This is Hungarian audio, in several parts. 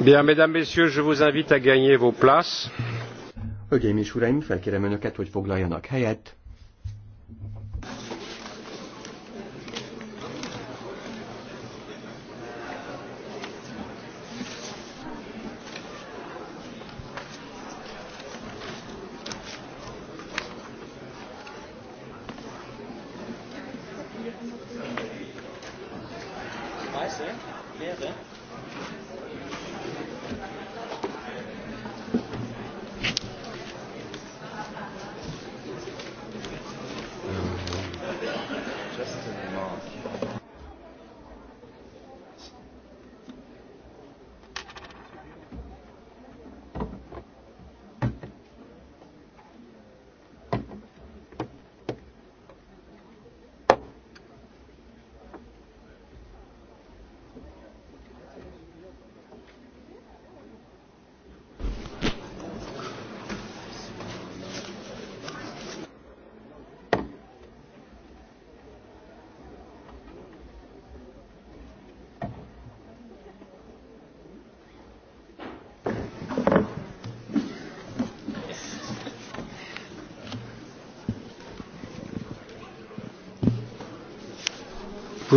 Bien, mesdames, messieurs, je vous invite à gagner vos places. Hölgyeim és uraim, felkérem önöket, hogy foglaljanak helyet.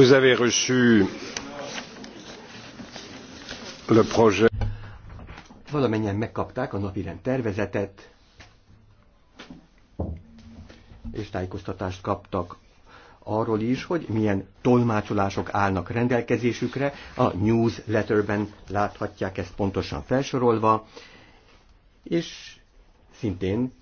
vous avez reçu le projet. Valamennyien megkapták a napirend tervezetet, és tájékoztatást kaptak arról is, hogy milyen tolmácsolások állnak rendelkezésükre. A newsletterben láthatják ezt pontosan felsorolva, és szintén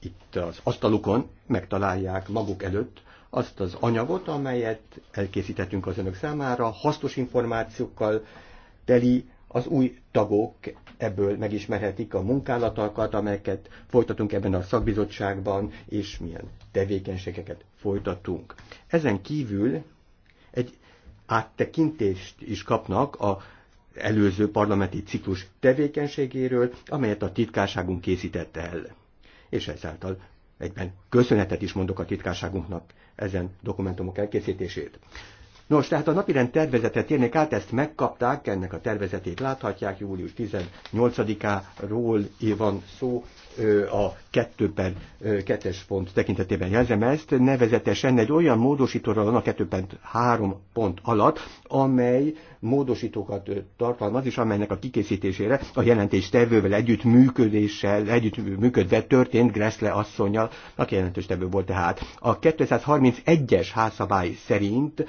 itt az asztalukon megtalálják maguk előtt azt az anyagot, amelyet elkészítettünk az önök számára, hasznos információkkal teli az új tagok ebből megismerhetik a munkálatokat, amelyeket folytatunk ebben a szakbizottságban, és milyen tevékenységeket folytatunk. Ezen kívül egy áttekintést is kapnak a előző parlamenti ciklus tevékenységéről, amelyet a titkárságunk készített el és ezáltal egyben köszönetet is mondok a titkárságunknak ezen dokumentumok elkészítését. Nos, tehát a napirend tervezetet térnék át, ezt megkapták, ennek a tervezetét láthatják, július 18-áról van szó, a 2 per 2-es pont tekintetében jelzem ezt, nevezetesen egy olyan módosítóra van a 2 per 3 pont alatt, amely módosítókat tartalmaz, és amelynek a kikészítésére a jelentés tevővel együtt működéssel, együtt működve történt Gressle asszonyjal, aki jelentős tevő volt tehát. A 231-es házszabály szerint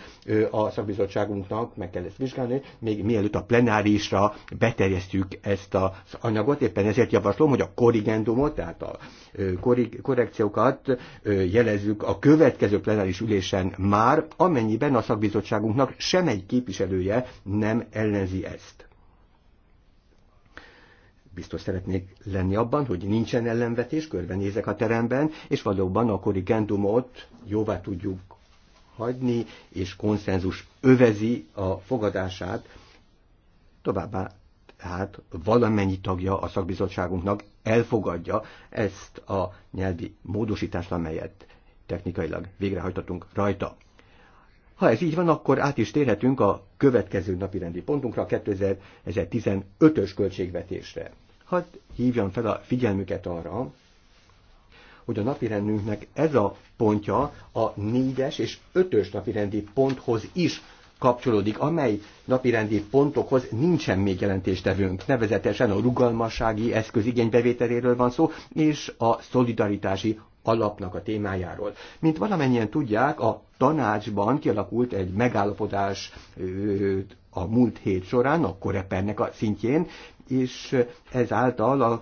a szakbizottságunknak meg kell ezt vizsgálni, még mielőtt a plenárisra beterjesztjük ezt az anyagot, éppen ezért javaslom, hogy a korrigendum kompromisszumot, tehát a korrekciókat jelezzük a következő plenáris ülésen már, amennyiben a szakbizottságunknak sem egy képviselője nem ellenzi ezt. Biztos szeretnék lenni abban, hogy nincsen ellenvetés, körbenézek a teremben, és valóban a korrigendumot jóvá tudjuk hagyni, és konszenzus övezi a fogadását. Továbbá hát valamennyi tagja a szakbizottságunknak elfogadja ezt a nyelvi módosítást, amelyet technikailag végrehajtatunk rajta. Ha ez így van, akkor át is térhetünk a következő napirendi pontunkra, a 2015-ös költségvetésre. Hadd hívjam fel a figyelmüket arra, hogy a napirendünknek ez a pontja a 4-es és 5-ös napirendi ponthoz is kapcsolódik, amely napirendi pontokhoz nincsen még jelentéstevőnk. Nevezetesen a rugalmassági eszköz igénybevételéről van szó, és a szolidaritási alapnak a témájáról. Mint valamennyien tudják, a tanácsban kialakult egy megállapodás a múlt hét során, a korepernek a szintjén, és ezáltal a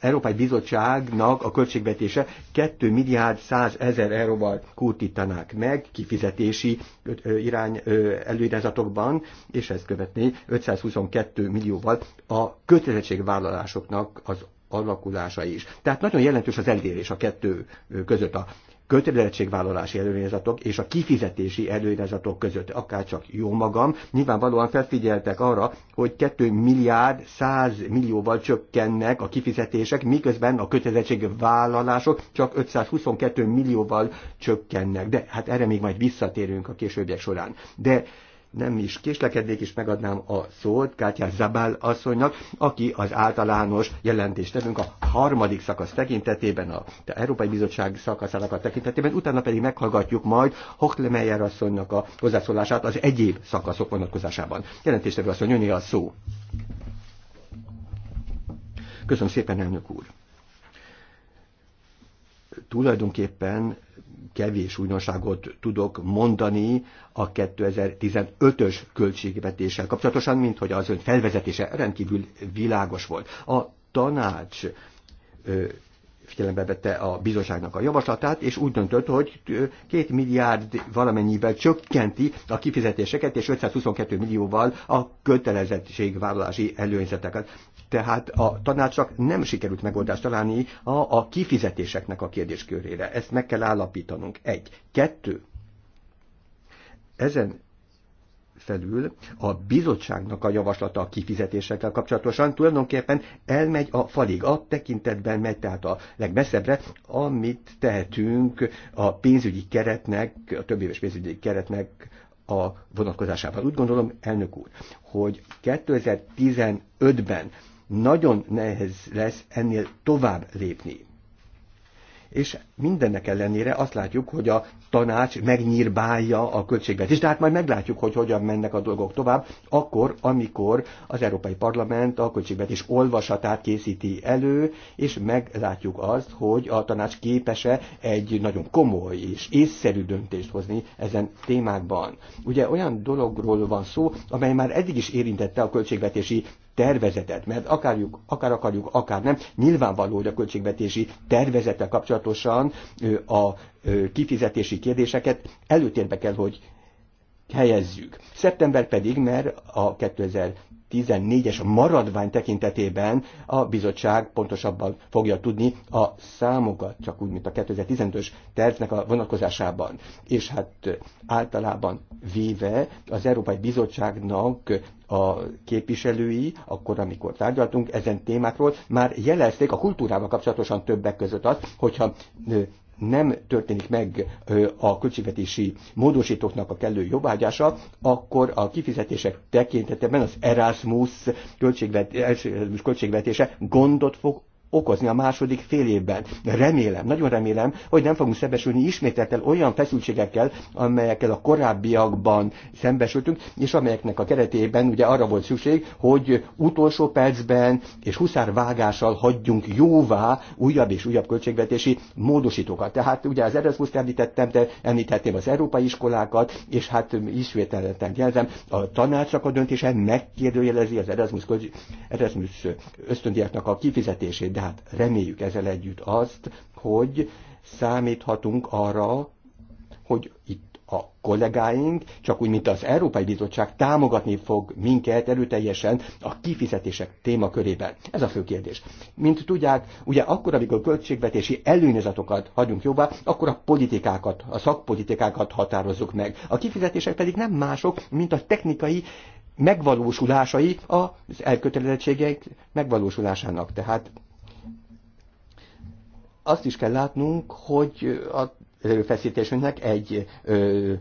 Európai Bizottságnak a költségvetése 2 milliárd 100 ezer euróval kurtítanák meg kifizetési irány előirányzatokban, és ezt követné 522 millióval a kötelezettségvállalásoknak az alakulása is. Tehát nagyon jelentős az eldérés a kettő között. A kötelezettségvállalási előirányzatok és a kifizetési előirányzatok között, akár csak jó magam, nyilvánvalóan felfigyeltek arra, hogy 2 milliárd 100 millióval csökkennek a kifizetések, miközben a kötelezettségvállalások csak 522 millióval csökkennek. De hát erre még majd visszatérünk a későbbiek során. De nem is késlekednék, és megadnám a szót Kátya Zabál asszonynak, aki az általános jelentést tevünk a harmadik szakasz tekintetében, a Európai Bizottság szakaszának a tekintetében, utána pedig meghallgatjuk majd Hochlemeyer asszonynak a hozzászólását az egyéb szakaszok vonatkozásában. Jelentéstevő asszony, jönni a szó. Köszönöm szépen, elnök úr. Tulajdonképpen kevés újdonságot tudok mondani a 2015-ös költségvetéssel kapcsolatosan, mint hogy az ön felvezetése rendkívül világos volt. A tanács figyelembe vette a bizottságnak a javaslatát, és úgy döntött, hogy két milliárd valamennyivel csökkenti a kifizetéseket, és 522 millióval a kötelezettségvállalási előnyzeteket tehát a tanácsnak nem sikerült megoldást találni a, a kifizetéseknek a kérdéskörére. Ezt meg kell állapítanunk. Egy. Kettő. Ezen felül a bizottságnak a javaslata a kifizetésekkel kapcsolatosan tulajdonképpen elmegy a falig, a tekintetben megy tehát a legmesszebbre, amit tehetünk a pénzügyi keretnek, a több éves pénzügyi keretnek a vonatkozásával Úgy gondolom, elnök úr, hogy 2015-ben nagyon nehéz lesz ennél tovább lépni. És mindennek ellenére azt látjuk, hogy a tanács megnyírbálja a költségvetést, de hát majd meglátjuk, hogy hogyan mennek a dolgok tovább, akkor, amikor az Európai Parlament a költségvetés olvasatát készíti elő, és meglátjuk azt, hogy a tanács képes-e egy nagyon komoly és észszerű döntést hozni ezen témákban. Ugye olyan dologról van szó, amely már eddig is érintette a költségvetési tervezetet, mert akárjuk, akár akarjuk, akár nem, nyilvánvaló, hogy a költségvetési tervezete kapcsolatosan a kifizetési kérdéseket előtérbe kell, hogy helyezzük. Szeptember pedig, mert a 2000 14-es maradvány tekintetében a bizottság pontosabban fogja tudni a számokat, csak úgy, mint a 2015-ös tervnek a vonatkozásában. És hát általában véve az Európai Bizottságnak a képviselői, akkor, amikor tárgyaltunk ezen témákról, már jelezték a kultúrával kapcsolatosan többek között azt, hogyha nem történik meg a költségvetési módosítóknak a kellő jobbágyása, akkor a kifizetések tekintetében az Erasmus költségvet, költségvetése gondot fog okozni a második fél évben. Remélem, nagyon remélem, hogy nem fogunk szembesülni ismételten olyan feszültségekkel, amelyekkel a korábbiakban szembesültünk, és amelyeknek a keretében ugye arra volt szükség, hogy utolsó percben és huszárvágással hagyjunk jóvá újabb és újabb költségvetési módosítókat. Tehát ugye az Erasmus-t említettem, de említettem az európai iskolákat, és hát ismételten jelzem, a tanácsnak a döntése megkérdőjelezi az Erasmus, Erasmus ösztöndiáknak a kifizetését de hát reméljük ezzel együtt azt, hogy számíthatunk arra, hogy itt a kollégáink, csak úgy, mint az Európai Bizottság támogatni fog minket erőteljesen a kifizetések témakörében. Ez a fő kérdés. Mint tudják, ugye akkor, amikor költségvetési előnyezatokat hagyunk jobbá, akkor a politikákat, a szakpolitikákat határozzuk meg. A kifizetések pedig nem mások, mint a technikai megvalósulásai az elkötelezettségek megvalósulásának. Tehát azt is kell látnunk, hogy az előfeszítésünknek egy ö,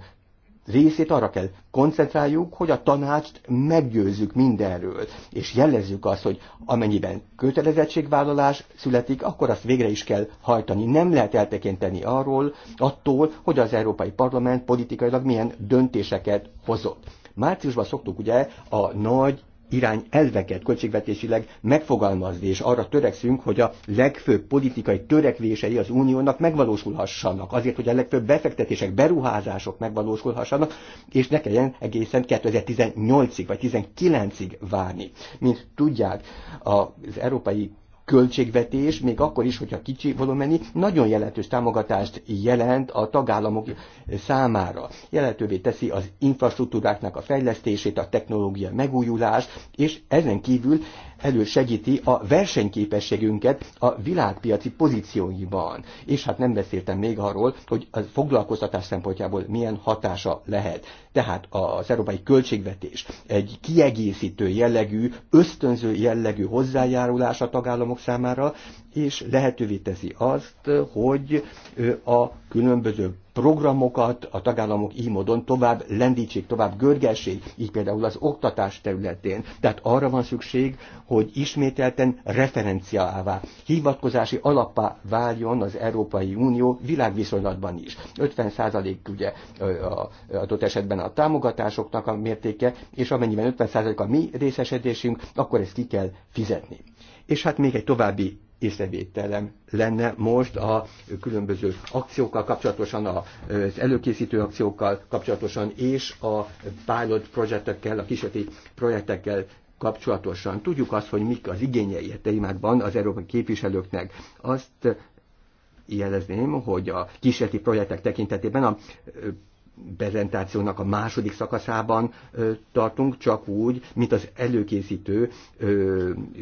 részét arra kell koncentráljuk, hogy a tanácst meggyőzzük mindenről, és jelezzük azt, hogy amennyiben kötelezettségvállalás születik, akkor azt végre is kell hajtani. Nem lehet eltekinteni arról, attól, hogy az Európai Parlament politikailag milyen döntéseket hozott. Márciusban szoktuk ugye a nagy irány elveket költségvetésileg megfogalmazni, és arra törekszünk, hogy a legfőbb politikai törekvései az uniónak megvalósulhassanak, azért, hogy a legfőbb befektetések, beruházások megvalósulhassanak, és ne kelljen egészen 2018-ig vagy 19 ig várni. Mint tudják, az európai költségvetés, még akkor is, hogyha kicsi volumeni, nagyon jelentős támogatást jelent a tagállamok számára. Jelentővé teszi az infrastruktúráknak a fejlesztését, a technológia megújulást, és ezen kívül elősegíti a versenyképességünket a világpiaci pozícióiban. És hát nem beszéltem még arról, hogy a foglalkoztatás szempontjából milyen hatása lehet. Tehát az európai költségvetés egy kiegészítő jellegű, ösztönző jellegű hozzájárulás a tagállamok számára, és lehetővé teszi azt, hogy a különböző programokat a tagállamok így módon tovább lendítsék, tovább görgessék, így például az oktatás területén. Tehát arra van szükség, hogy ismételten referenciává, hivatkozási alapá váljon az Európai Unió világviszonylatban is. 50% ugye adott esetben a támogatásoknak a mértéke, és amennyiben 50% a mi részesedésünk, akkor ezt ki kell fizetni. És hát még egy további észrevételem lenne most a különböző akciókkal kapcsolatosan, az előkészítő akciókkal kapcsolatosan és a pilot projektekkel, a kísérleti projektekkel kapcsolatosan. Tudjuk azt, hogy mik az igényei a témákban az európai képviselőknek. Azt jelezném, hogy a kísérleti projektek tekintetében a prezentációnak a második szakaszában tartunk, csak úgy, mint az előkészítő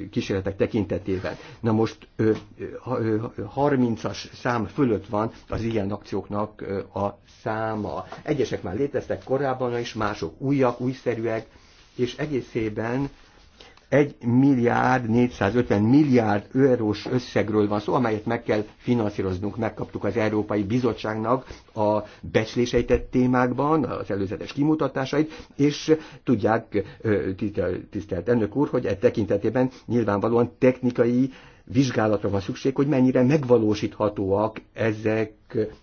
kísérletek tekintetében. Na most 30-as szám fölött van az ilyen akcióknak a száma. Egyesek már léteztek korábban is, mások újak, újszerűek, és egészében 1 milliárd 450 milliárd eurós összegről van szó, amelyet meg kell finanszíroznunk. Megkaptuk az Európai Bizottságnak a becsléseit témákban, az előzetes kimutatásait, és tudják, tisztelt elnök úr, hogy e tekintetében nyilvánvalóan technikai vizsgálatra van szükség, hogy mennyire megvalósíthatóak ezek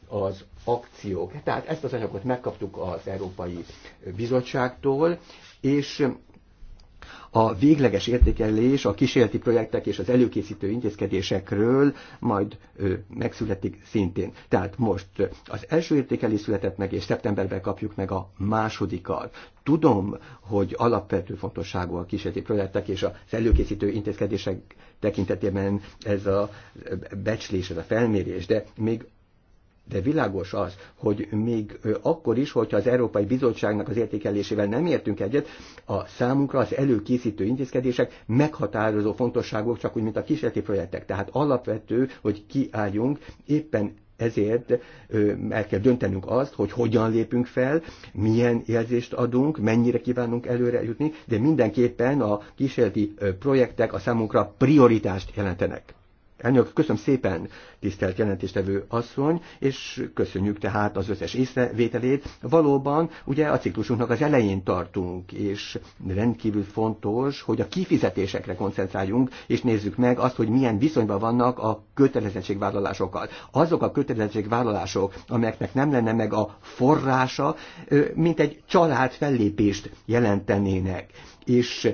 az akciók. Tehát ezt az anyagot megkaptuk az Európai Bizottságtól, és a végleges értékelés a kísérleti projektek és az előkészítő intézkedésekről majd ő, megszületik szintén. Tehát most az első értékelés született meg, és szeptemberben kapjuk meg a másodikat. Tudom, hogy alapvető fontosságú a kísérleti projektek és az előkészítő intézkedések tekintetében ez a becslés, ez a felmérés, de még de világos az, hogy még akkor is, hogyha az Európai Bizottságnak az értékelésével nem értünk egyet, a számunkra az előkészítő intézkedések meghatározó fontosságok, csak úgy, mint a kísérleti projektek. Tehát alapvető, hogy kiálljunk éppen ezért el kell döntenünk azt, hogy hogyan lépünk fel, milyen jelzést adunk, mennyire kívánunk előre jutni, de mindenképpen a kísérleti projektek a számunkra prioritást jelentenek. Elnök, köszönöm szépen, tisztelt jelentéstevő asszony, és köszönjük tehát az összes észrevételét. Valóban ugye a ciklusunknak az elején tartunk, és rendkívül fontos, hogy a kifizetésekre koncentráljunk, és nézzük meg azt, hogy milyen viszonyban vannak a kötelezettségvállalásokkal. Azok a kötelezettségvállalások, amelyeknek nem lenne meg a forrása, mint egy család fellépést jelentenének és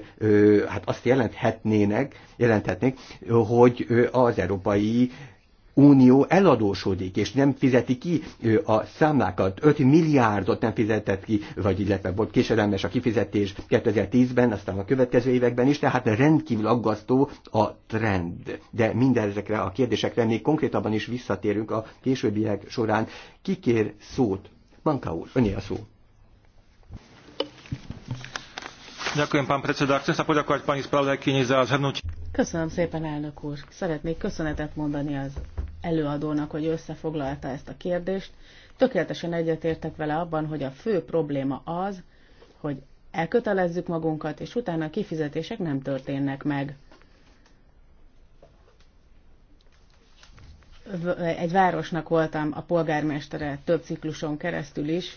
hát azt jelenthetnének, jelenthetnék, hogy az európai Unió eladósodik, és nem fizeti ki a számlákat. 5 milliárdot nem fizetett ki, vagy illetve volt késedelmes a kifizetés 2010-ben, aztán a következő években is, tehát rendkívül aggasztó a trend. De mindezekre a kérdésekre még konkrétabban is visszatérünk a későbbiek során. Kikér szót? Banka úr, öné a szó. Ďakujem, pán predseda. Chcem sa poďakovať pani spravodajkyni za zhrnutie. Köszönöm szépen, elnök úr. Szeretnék köszönetet mondani az előadónak, hogy összefoglalta ezt a kérdést. Tökéletesen egyetértek vele abban, hogy a fő probléma az, hogy elkötelezzük magunkat, és utána a kifizetések nem történnek meg. Egy városnak voltam a polgármestere több cikluson keresztül is,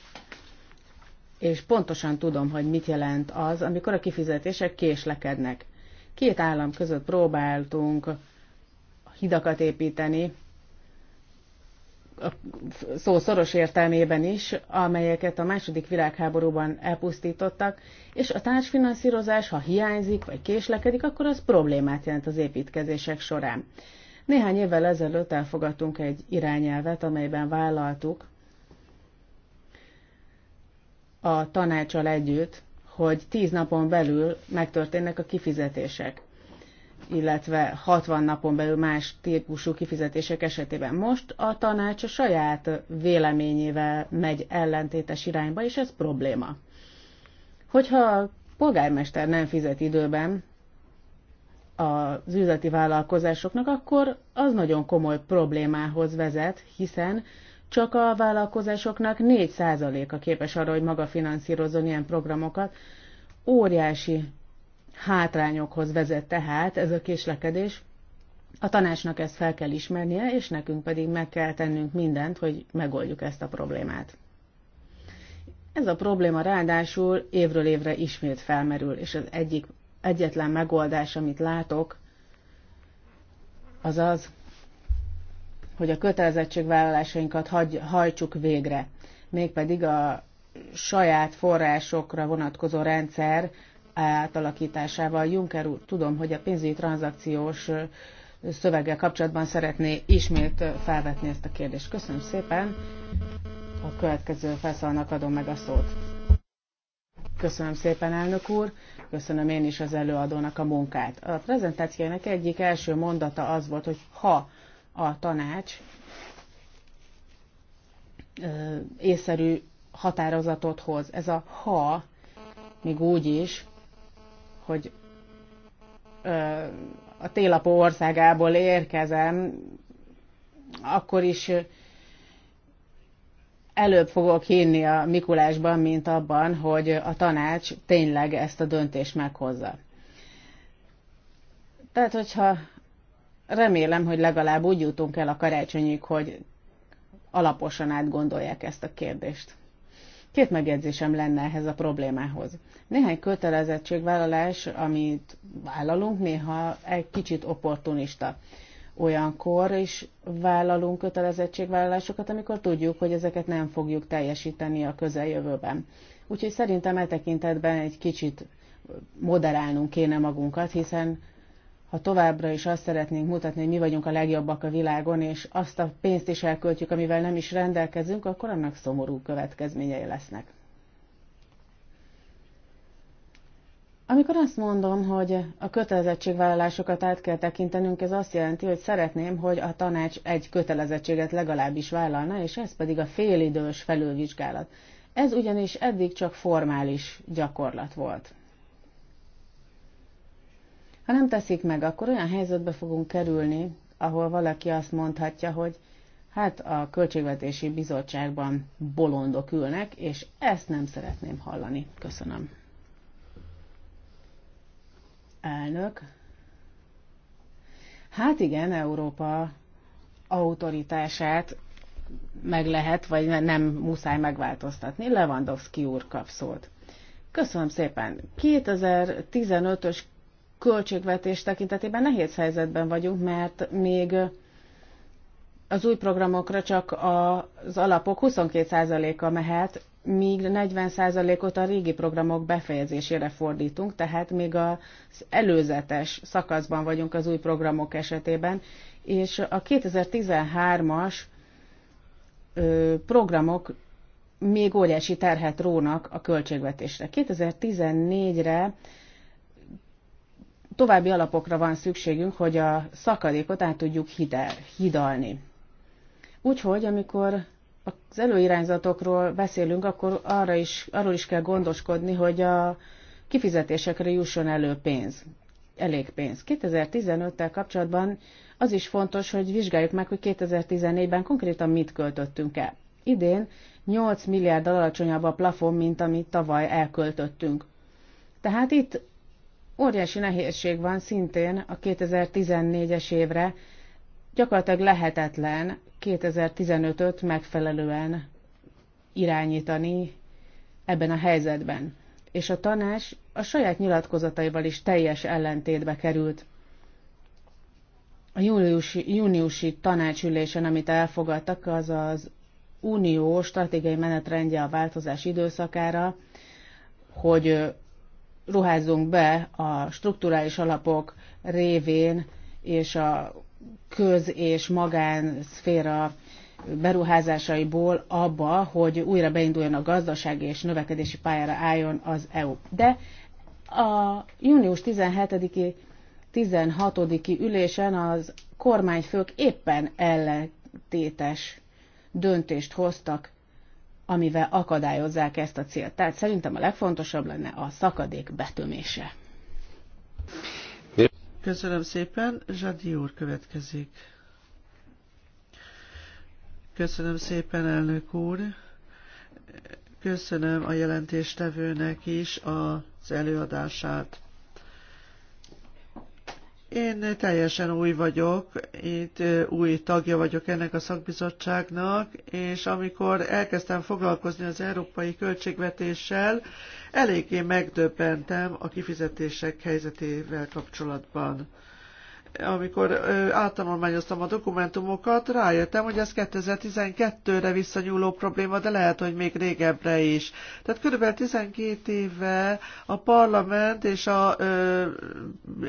és pontosan tudom, hogy mit jelent az, amikor a kifizetések késlekednek. Két állam között próbáltunk hidakat építeni, a szó szoros értelmében is, amelyeket a második világháborúban elpusztítottak, és a társfinanszírozás, ha hiányzik vagy késlekedik, akkor az problémát jelent az építkezések során. Néhány évvel ezelőtt elfogadtunk egy irányelvet, amelyben vállaltuk, a tanácsal együtt, hogy 10 napon belül megtörténnek a kifizetések, illetve 60 napon belül más típusú kifizetések esetében. Most a tanács a saját véleményével megy ellentétes irányba, és ez probléma. Hogyha a polgármester nem fizet időben az üzleti vállalkozásoknak, akkor az nagyon komoly problémához vezet, hiszen csak a vállalkozásoknak 4%-a képes arra, hogy maga finanszírozzon ilyen programokat. Óriási hátrányokhoz vezet tehát ez a késlekedés. A tanácsnak ezt fel kell ismernie, és nekünk pedig meg kell tennünk mindent, hogy megoldjuk ezt a problémát. Ez a probléma ráadásul évről évre ismét felmerül, és az egyik egyetlen megoldás, amit látok, az az, hogy a kötelezettségvállalásainkat hagy, hajtsuk végre. Mégpedig a saját forrásokra vonatkozó rendszer átalakításával. Juncker úr, tudom, hogy a pénzügyi tranzakciós szöveggel kapcsolatban szeretné ismét felvetni ezt a kérdést. Köszönöm szépen. A következő felszólalnak adom meg a szót. Köszönöm szépen, elnök úr. Köszönöm én is az előadónak a munkát. A prezentációnak egyik első mondata az volt, hogy ha a tanács észszerű határozatot hoz. Ez a ha, még úgy is, hogy a télapó országából érkezem, akkor is előbb fogok hinni a Mikulásban, mint abban, hogy a tanács tényleg ezt a döntést meghozza. Tehát, hogyha Remélem, hogy legalább úgy jutunk el a karácsonyig, hogy alaposan átgondolják ezt a kérdést. Két megjegyzésem lenne ehhez a problémához. Néhány kötelezettségvállalás, amit vállalunk, néha egy kicsit opportunista. Olyankor is vállalunk kötelezettségvállalásokat, amikor tudjuk, hogy ezeket nem fogjuk teljesíteni a közeljövőben. Úgyhogy szerintem e tekintetben egy kicsit moderálnunk kéne magunkat, hiszen ha továbbra is azt szeretnénk mutatni, hogy mi vagyunk a legjobbak a világon, és azt a pénzt is elköltjük, amivel nem is rendelkezünk, akkor annak szomorú következményei lesznek. Amikor azt mondom, hogy a kötelezettségvállalásokat át kell tekintenünk, ez azt jelenti, hogy szeretném, hogy a tanács egy kötelezettséget legalábbis vállalna, és ez pedig a félidős felülvizsgálat. Ez ugyanis eddig csak formális gyakorlat volt. Ha nem teszik meg, akkor olyan helyzetbe fogunk kerülni, ahol valaki azt mondhatja, hogy hát a Költségvetési Bizottságban bolondok ülnek, és ezt nem szeretném hallani. Köszönöm. Elnök. Hát igen, Európa autoritását meg lehet, vagy nem muszáj megváltoztatni. Lewandowski úr kap szót. Köszönöm szépen. 2015-ös költségvetés tekintetében nehéz helyzetben vagyunk, mert még az új programokra csak az alapok 22%-a mehet, míg 40%-ot a régi programok befejezésére fordítunk, tehát még az előzetes szakaszban vagyunk az új programok esetében, és a 2013-as programok még óriási terhet rónak a költségvetésre. 2014-re további alapokra van szükségünk, hogy a szakadékot át tudjuk hidel, hidalni. Úgyhogy, amikor az előirányzatokról beszélünk, akkor arra is, arról is kell gondoskodni, hogy a kifizetésekre jusson elő pénz, elég pénz. 2015-tel kapcsolatban az is fontos, hogy vizsgáljuk meg, hogy 2014-ben konkrétan mit költöttünk el. Idén 8 milliárd alacsonyabb a plafon, mint amit tavaly elköltöttünk. Tehát itt óriási nehézség van szintén a 2014-es évre, gyakorlatilag lehetetlen 2015-öt megfelelően irányítani ebben a helyzetben. És a tanács a saját nyilatkozataival is teljes ellentétbe került. A júliusi, júniusi tanácsülésen, amit elfogadtak, az az unió stratégiai menetrendje a változás időszakára, hogy ruházunk be a strukturális alapok révén és a köz- és magánszféra beruházásaiból abba, hogy újra beinduljon a gazdaság és növekedési pályára álljon az EU. De a június 17-i 16. ülésen az kormányfők éppen ellentétes döntést hoztak amivel akadályozzák ezt a célt. Tehát szerintem a legfontosabb lenne a szakadék betömése. Köszönöm szépen, Zsadi úr következik. Köszönöm szépen, elnök úr. Köszönöm a jelentéstevőnek is az előadását. Én teljesen új vagyok, itt új tagja vagyok ennek a szakbizottságnak, és amikor elkezdtem foglalkozni az európai költségvetéssel, eléggé megdöbbentem a kifizetések helyzetével kapcsolatban amikor ö, áttanulmányoztam a dokumentumokat, rájöttem, hogy ez 2012-re visszanyúló probléma, de lehet, hogy még régebbre is. Tehát körülbelül 12 éve a parlament és a, ö,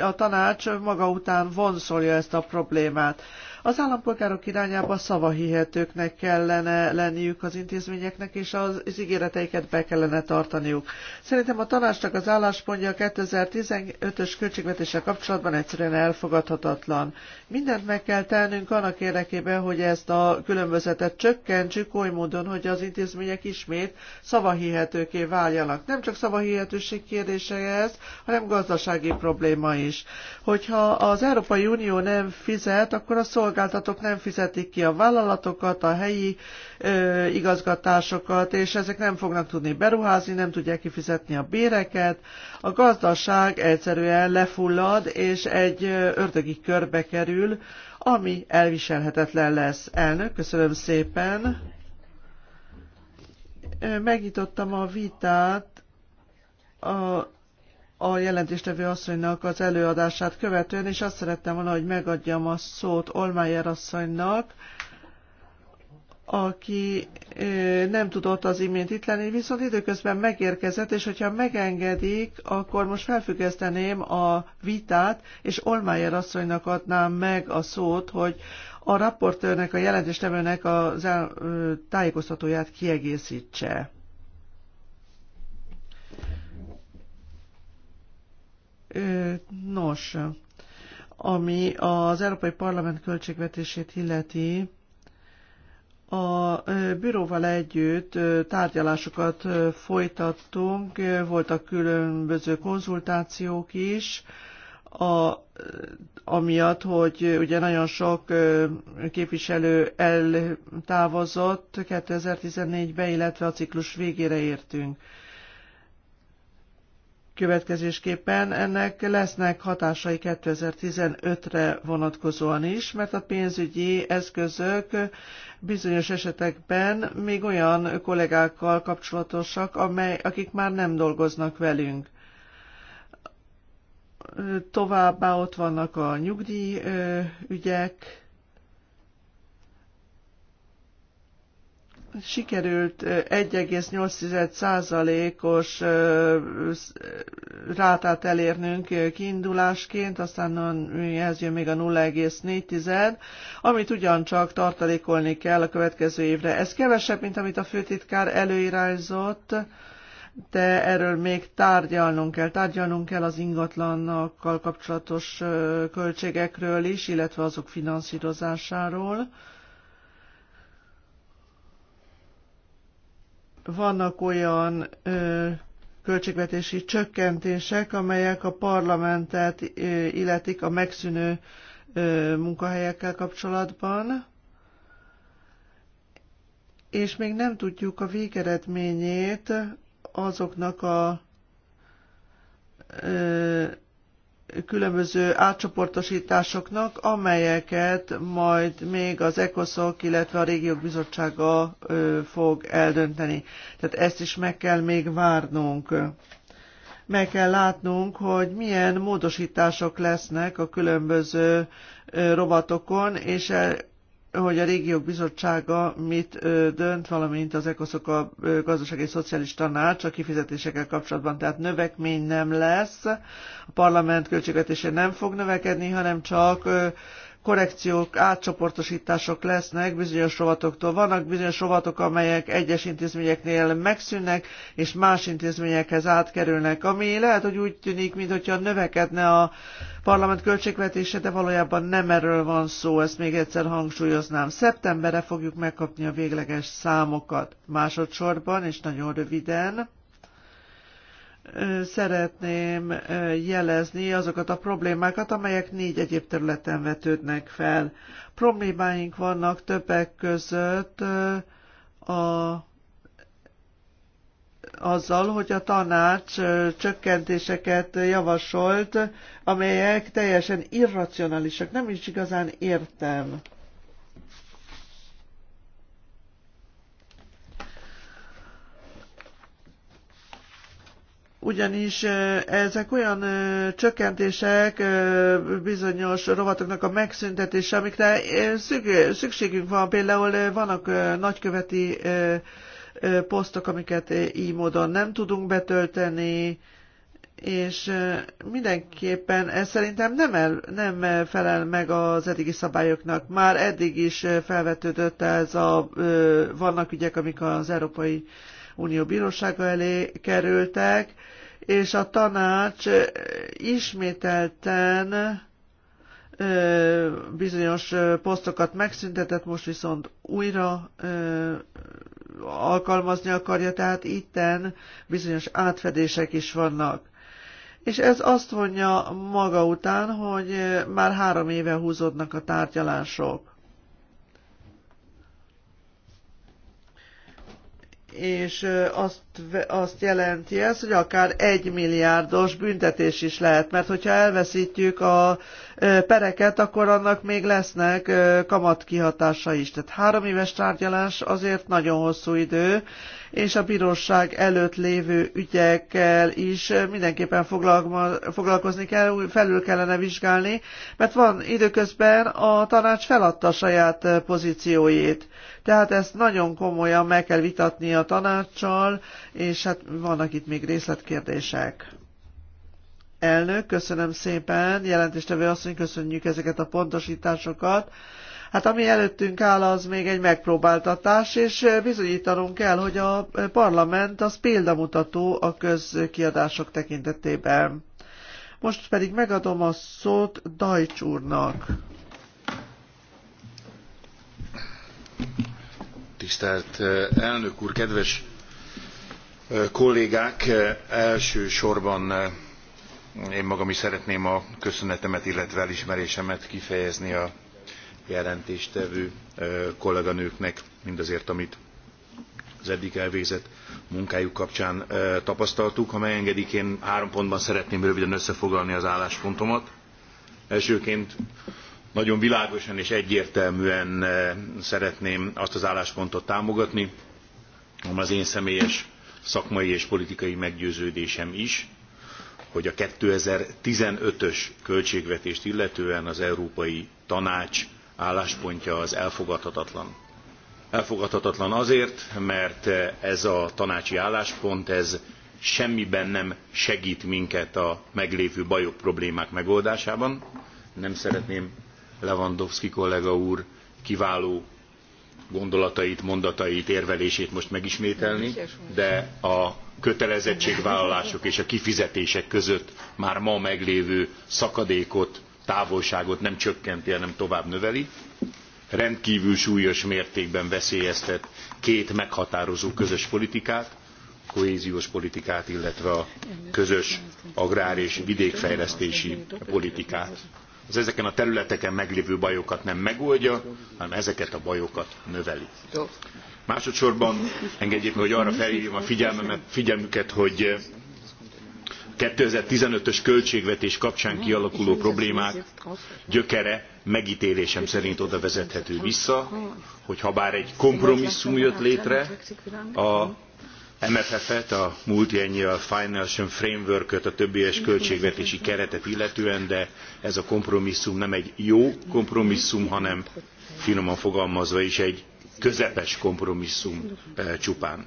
a tanács maga után vonszolja ezt a problémát. Az állampolgárok irányába szavahihetőknek kellene lenniük az intézményeknek, és az, az ígéreteiket be kellene tartaniuk. Szerintem a tanácsnak az álláspontja a 2015-ös költségvetéssel kapcsolatban egyszerűen elfogadhatatlan. Mindent meg kell tennünk annak érdekében, hogy ezt a különbözetet csökkentsük oly módon, hogy az intézmények ismét szavahihetőké váljanak. Nem csak szavahihetőség kérdése ez, hanem gazdasági probléma is. Hogyha az Európai Unió nem fizet, akkor a szolgáltatás szolgáltatók nem fizetik ki a vállalatokat, a helyi ö, igazgatásokat, és ezek nem fognak tudni beruházni, nem tudják kifizetni a béreket. A gazdaság egyszerűen lefullad, és egy ördögi körbe kerül, ami elviselhetetlen lesz. Elnök, köszönöm szépen. Megnyitottam a vitát a a jelentéstevő asszonynak az előadását követően, és azt szerettem volna, hogy megadjam a szót Olmájer asszonynak, aki nem tudott az imént itt lenni, viszont időközben megérkezett, és hogyha megengedik, akkor most felfüggeszteném a vitát, és Olmájer asszonynak adnám meg a szót, hogy a raportőrnek, a jelentéstevőnek a tájékoztatóját kiegészítse. Nos, ami az Európai Parlament költségvetését illeti, a bíróval együtt tárgyalásokat folytattunk, voltak különböző konzultációk is, a, amiatt, hogy ugye nagyon sok képviselő eltávozott 2014-ben, illetve a ciklus végére értünk. Következésképpen ennek lesznek hatásai 2015-re vonatkozóan is, mert a pénzügyi eszközök bizonyos esetekben még olyan kollégákkal kapcsolatosak, amely, akik már nem dolgoznak velünk. Továbbá ott vannak a nyugdíjügyek, sikerült 1,8%-os rátát elérnünk kiindulásként, aztán ehhez jön még a 0,4, amit ugyancsak tartalékolni kell a következő évre. Ez kevesebb, mint amit a főtitkár előirányzott, de erről még tárgyalnunk kell. Tárgyalnunk kell az ingatlannakkal kapcsolatos költségekről is, illetve azok finanszírozásáról vannak olyan ö, költségvetési csökkentések, amelyek a parlamentet illetik a megszűnő ö, munkahelyekkel kapcsolatban, és még nem tudjuk a végeredményét azoknak a ö, különböző átcsoportosításoknak, amelyeket majd még az ECOSOC, illetve a Régiók Bizottsága fog eldönteni. Tehát ezt is meg kell még várnunk. Meg kell látnunk, hogy milyen módosítások lesznek a különböző rovatokon, és e- hogy a régiók bizottsága mit dönt, valamint az ECOSZOK a gazdasági és szociális tanács a kifizetésekkel kapcsolatban. Tehát növekmény nem lesz, a parlament költségvetése nem fog növekedni, hanem csak korrekciók, átcsoportosítások lesznek bizonyos rovatoktól. Vannak bizonyos rovatok, amelyek egyes intézményeknél megszűnnek, és más intézményekhez átkerülnek, ami lehet, hogy úgy tűnik, mintha növekedne a parlament költségvetése, de valójában nem erről van szó, ezt még egyszer hangsúlyoznám. Szeptemberre fogjuk megkapni a végleges számokat másodszorban, és nagyon röviden szeretném jelezni azokat a problémákat, amelyek négy egyéb területen vetődnek fel. Problémáink vannak többek között a azzal, hogy a tanács csökkentéseket javasolt, amelyek teljesen irracionálisak. Nem is igazán értem. ugyanis ezek olyan csökkentések bizonyos rovatoknak a megszüntetése, amikre szükségünk van. Például vannak nagyköveti posztok, amiket így módon nem tudunk betölteni, és mindenképpen ez szerintem nem, el, nem felel meg az eddigi szabályoknak. Már eddig is felvetődött ez a, vannak ügyek, amik az Európai Unió Bírósága elé kerültek, és a tanács ismételten bizonyos posztokat megszüntetett, most viszont újra alkalmazni akarja, tehát itten bizonyos átfedések is vannak. És ez azt mondja maga után, hogy már három éve húzódnak a tárgyalások. és azt, azt jelenti ez, hogy akár egy milliárdos büntetés is lehet, mert hogyha elveszítjük a pereket, akkor annak még lesznek kamat kihatása is. Tehát három éves tárgyalás azért nagyon hosszú idő, és a bíróság előtt lévő ügyekkel is mindenképpen foglalkozni kell, felül kellene vizsgálni, mert van időközben a tanács feladta saját pozícióját. Tehát ezt nagyon komolyan meg kell vitatni a tanácssal, és hát vannak itt még részletkérdések. Elnök, köszönöm szépen, jelentéstevő asszony, köszönjük ezeket a pontosításokat. Hát ami előttünk áll, az még egy megpróbáltatás, és bizonyítanunk kell, hogy a parlament az példamutató a közkiadások tekintetében. Most pedig megadom a szót Dajcs úrnak. Tisztelt elnök úr, kedves kollégák! elsősorban én magam is szeretném a köszönetemet illetve elismerésemet kifejezni a jelentéstevő kolléganőknek mindazért, amit az eddig elvégzett munkájuk kapcsán tapasztaltuk. Ha megengedik, én három pontban szeretném röviden összefoglalni az álláspontomat. Elsőként nagyon világosan és egyértelműen szeretném azt az álláspontot támogatni, ami az én személyes szakmai és politikai meggyőződésem is, hogy a 2015-ös költségvetést illetően az Európai Tanács álláspontja az elfogadhatatlan. Elfogadhatatlan azért, mert ez a tanácsi álláspont, ez semmiben nem segít minket a meglévő bajok, problémák megoldásában. Nem szeretném Lewandowski kollega úr kiváló gondolatait, mondatait, érvelését most megismételni, de a kötelezettségvállalások és a kifizetések között már ma meglévő szakadékot távolságot nem csökkenti, hanem tovább növeli. Rendkívül súlyos mértékben veszélyeztet két meghatározó közös politikát, kohéziós politikát, illetve a közös agrár és vidékfejlesztési politikát. Az ezeken a területeken meglévő bajokat nem megoldja, hanem ezeket a bajokat növeli. Másodszorban engedjék meg, hogy arra felhívjam a figyelmüket, hogy 2015-ös költségvetés kapcsán mhm. kialakuló problémák gyökere megítélésem szerint oda vezethető vissza, hogy ha bár egy kompromisszum jött létre, a MFF-et, a Multiannual Financial Framework-öt, a többéves költségvetési keretet illetően, de ez a kompromisszum nem egy jó kompromisszum, hanem finoman fogalmazva is egy közepes kompromisszum eh, csupán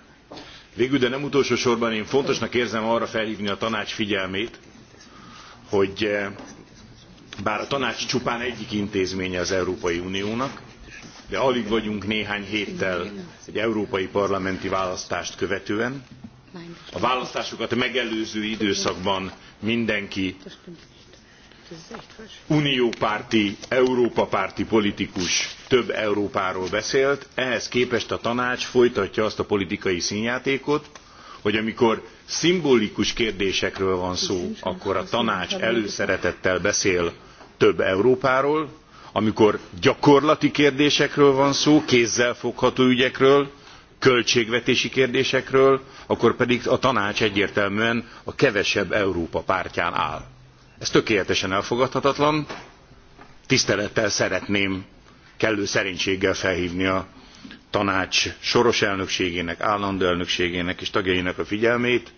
végül de nem utolsó sorban én fontosnak érzem arra felhvni a tanács figyelmét hogy eh, bár a tanács csupán egyik intézménye az európai uniónak de alig vagyunk néhány héttel egy európai parlamenti választást követően a választásokat megelőző időszakban mindenki uniópárti, párti politikus több Európáról beszélt, ehhez képest a tanács folytatja azt a politikai színjátékot, hogy amikor szimbolikus kérdésekről van szó, akkor a tanács előszeretettel beszél több Európáról, amikor gyakorlati kérdésekről van szó, kézzelfogható ügyekről, költségvetési kérdésekről, akkor pedig a tanács egyértelműen a kevesebb Európa pártján áll ez tökéletesen elfogadhatatlan tisztelettel szeretném kellő szerénységgel felhvni a tanács soros elnökségének állandó elnökségének és tagjainak a figyelmét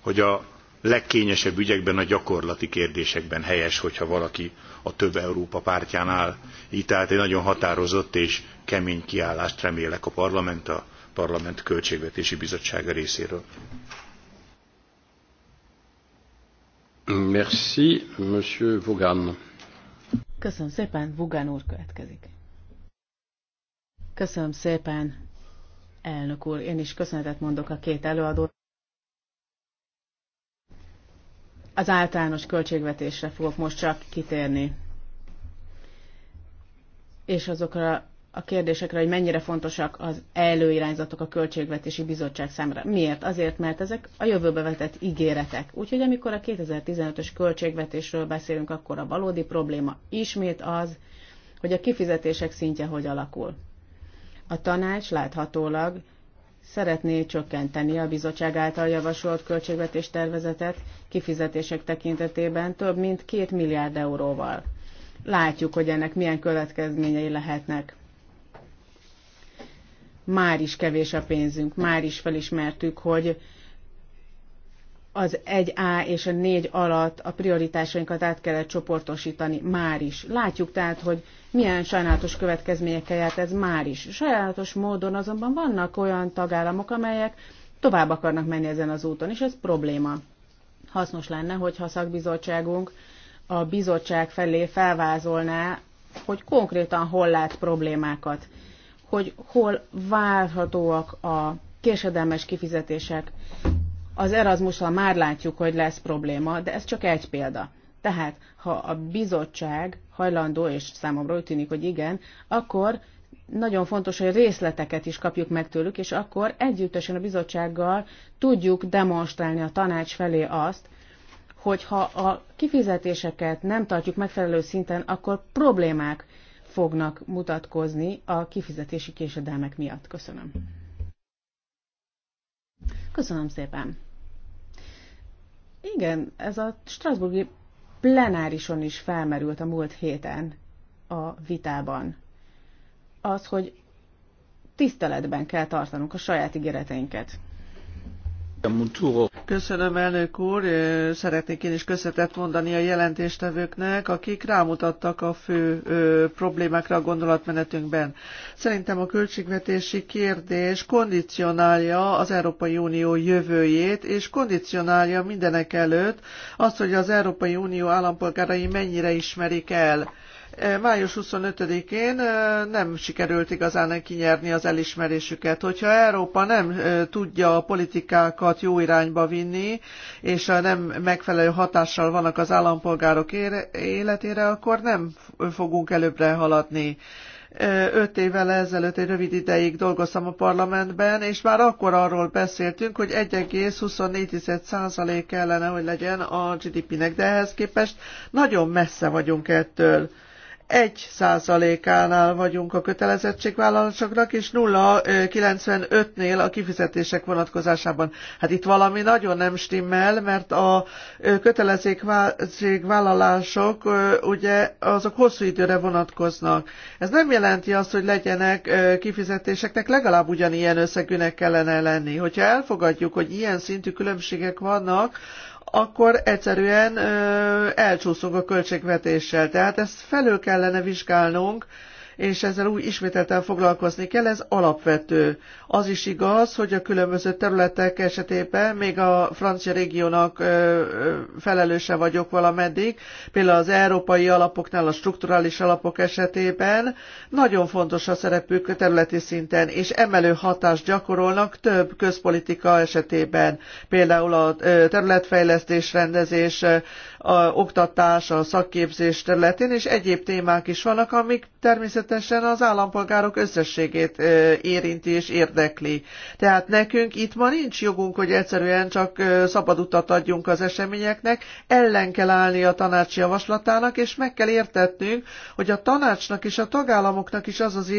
hogy a legkényesebb ügyekben a gyakorlati kérdésekben helyes hogyha valaki a több európa pártján áll gy tehát egy nagyon határozott és kemény kiállást remélek a parlament a parlament költségvetési bizottsága részéről. Merci, Monsieur Vaughan. Köszönöm szépen, Vaughan úr következik. Köszönöm szépen, elnök úr. Én is köszönetet mondok a két előadó. Az általános költségvetésre fogok most csak kitérni, és azokra a kérdésekre, hogy mennyire fontosak az előirányzatok a Költségvetési Bizottság számára. Miért? Azért, mert ezek a jövőbe vetett ígéretek. Úgyhogy amikor a 2015-ös költségvetésről beszélünk, akkor a valódi probléma ismét az, hogy a kifizetések szintje hogy alakul. A tanács láthatólag szeretné csökkenteni a bizottság által javasolt költségvetés tervezetet kifizetések tekintetében több mint 2 milliárd euróval. Látjuk, hogy ennek milyen következményei lehetnek már is kevés a pénzünk, már is felismertük, hogy az 1A és a 4 alatt a prioritásainkat át kellett csoportosítani, már is. Látjuk tehát, hogy milyen sajnálatos következményekkel járt ez már is. Sajnálatos módon azonban vannak olyan tagállamok, amelyek tovább akarnak menni ezen az úton, és ez probléma. Hasznos lenne, hogyha a szakbizottságunk a bizottság felé felvázolná, hogy konkrétan hol lát problémákat hogy hol várhatóak a késedelmes kifizetések. Az Erasmussal már látjuk, hogy lesz probléma, de ez csak egy példa. Tehát, ha a bizottság hajlandó, és számomra úgy tűnik, hogy igen, akkor nagyon fontos, hogy részleteket is kapjuk meg tőlük, és akkor együttesen a bizottsággal tudjuk demonstrálni a tanács felé azt, hogy ha a kifizetéseket nem tartjuk megfelelő szinten, akkor problémák fognak mutatkozni a kifizetési késedelmek miatt. Köszönöm. Köszönöm szépen. Igen, ez a Strasburgi plenárison is felmerült a múlt héten a vitában. Az, hogy tiszteletben kell tartanunk a saját ígéreteinket. Köszönöm, elnök úr. Szeretnék én is köszönetet mondani a jelentéstevőknek, akik rámutattak a fő problémákra a gondolatmenetünkben. Szerintem a költségvetési kérdés kondicionálja az Európai Unió jövőjét, és kondicionálja mindenek előtt azt, hogy az Európai Unió állampolgárai mennyire ismerik el május 25-én nem sikerült igazán kinyerni az elismerésüket. Hogyha Európa nem tudja a politikákat jó irányba vinni, és nem megfelelő hatással vannak az állampolgárok életére, akkor nem fogunk előbbre haladni öt évvel ezelőtt egy rövid ideig dolgoztam a parlamentben, és már akkor arról beszéltünk, hogy 1,24% kellene, hogy legyen a GDP-nek, de ehhez képest nagyon messze vagyunk ettől. 1 százalékánál vagyunk a kötelezettségvállalásoknak, és 0,95-nél a kifizetések vonatkozásában. Hát itt valami nagyon nem stimmel, mert a kötelezettségvállalások ugye azok hosszú időre vonatkoznak. Ez nem jelenti azt, hogy legyenek kifizetéseknek legalább ugyanilyen összegűnek kellene lenni. Hogyha elfogadjuk, hogy ilyen szintű különbségek vannak, akkor egyszerűen elcsúszunk a költségvetéssel. Tehát ezt felül kellene vizsgálnunk, és ezzel új ismételten foglalkozni kell, ez alapvető. Az is igaz, hogy a különböző területek esetében még a francia régiónak felelőse vagyok valameddig, például az európai alapoknál, a strukturális alapok esetében nagyon fontos a szerepük területi szinten, és emelő hatást gyakorolnak több közpolitika esetében, például a területfejlesztés, rendezés, a oktatás, a szakképzés területén, és egyéb témák is vannak, amik természetesen az állampolgárok összességét érinti és érdekli. Tehát nekünk itt ma nincs jogunk, hogy egyszerűen csak szabad utat adjunk az eseményeknek, ellen kell állni a tanács javaslatának, és meg kell értetnünk, hogy a tanácsnak és a tagállamoknak is az az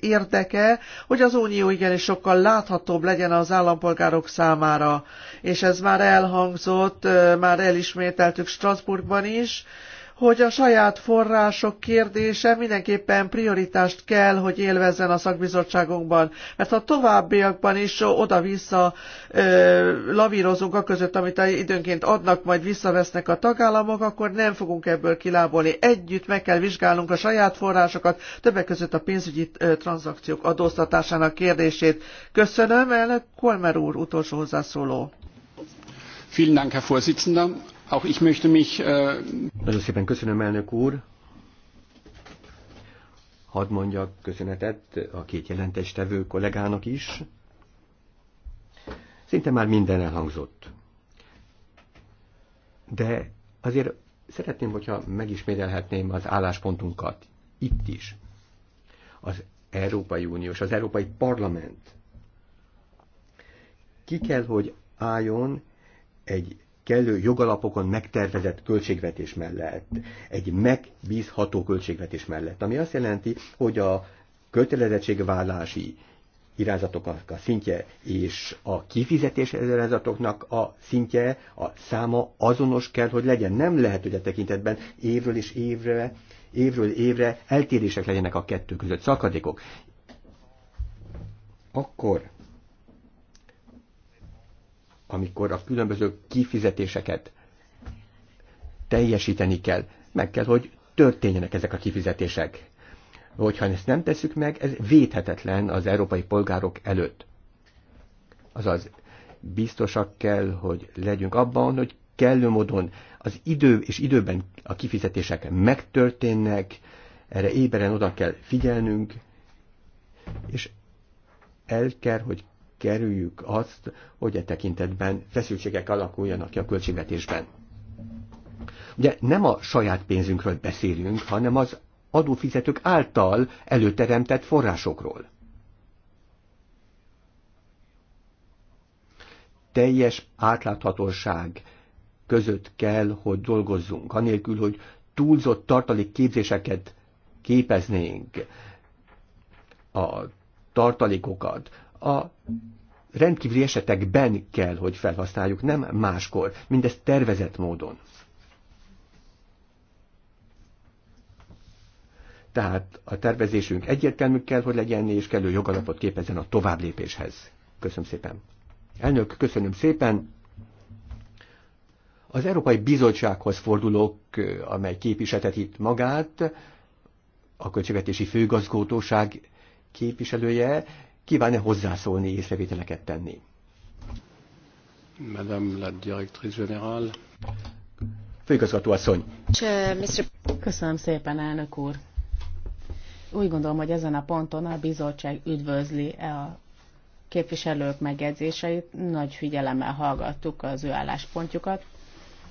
érdeke, hogy az unió igenis sokkal láthatóbb legyen az állampolgárok számára. És ez már elhangzott, már elismételtük Strasbourgban is, hogy a saját források kérdése mindenképpen prioritást kell, hogy élvezzen a szakbizottságunkban. Mert ha továbbiakban is oda-vissza ö, lavírozunk a között, amit időnként adnak, majd visszavesznek a tagállamok, akkor nem fogunk ebből kilábolni. Együtt meg kell vizsgálnunk a saját forrásokat, többek között a pénzügyi ö, tranzakciók adóztatásának kérdését. Köszönöm, elnök Kolmer úr, utolsó hozzászóló. Vielen Dank, Herr Vorsitzender. Auch ich möchte mich... Äh... szépen köszönöm, elnök úr. Hadd mondjak köszönetet a két jelentéstevő kollégának is. Szinte már minden elhangzott. De azért szeretném, hogyha megismételhetném az álláspontunkat itt is. Az Európai Uniós, az Európai Parlament ki kell, hogy álljon egy kellő jogalapokon megtervezett költségvetés mellett, egy megbízható költségvetés mellett, ami azt jelenti, hogy a kötelezettségvállási irányzatoknak a szintje és a kifizetés irányzatoknak a szintje, a száma azonos kell, hogy legyen. Nem lehet, hogy a tekintetben évről és évre, évről évre eltérések legyenek a kettő között, szakadékok. Akkor amikor a különböző kifizetéseket teljesíteni kell, meg kell, hogy történjenek ezek a kifizetések. Hogyha ezt nem tesszük meg, ez védhetetlen az európai polgárok előtt. Azaz biztosak kell, hogy legyünk abban, hogy kellő módon az idő és időben a kifizetések megtörténnek, erre éberen oda kell figyelnünk, és el kell, hogy kerüljük azt, hogy e tekintetben feszültségek alakuljanak ki a költségvetésben. Ugye nem a saját pénzünkről beszélünk, hanem az adófizetők által előteremtett forrásokról. Teljes átláthatóság között kell, hogy dolgozzunk, anélkül, hogy túlzott tartalék képzéseket képeznénk a tartalékokat, a rendkívüli esetekben kell, hogy felhasználjuk, nem máskor, mindezt tervezett módon. Tehát a tervezésünk egyértelmű kell, hogy legyen, és kellő jogalapot képezzen a továbblépéshez. Köszönöm szépen. Elnök, köszönöm szépen. Az Európai Bizottsághoz fordulok, amely képviseltet itt magát, a Költségvetési főgazgótóság képviselője, kíván-e hozzászólni és észrevételeket tenni? Madame la Directrice Générale. Főigazgató asszony. Köszönöm szépen, elnök úr. Úgy gondolom, hogy ezen a ponton a bizottság üdvözli -e a képviselők megjegyzéseit, nagy figyelemmel hallgattuk az ő álláspontjukat,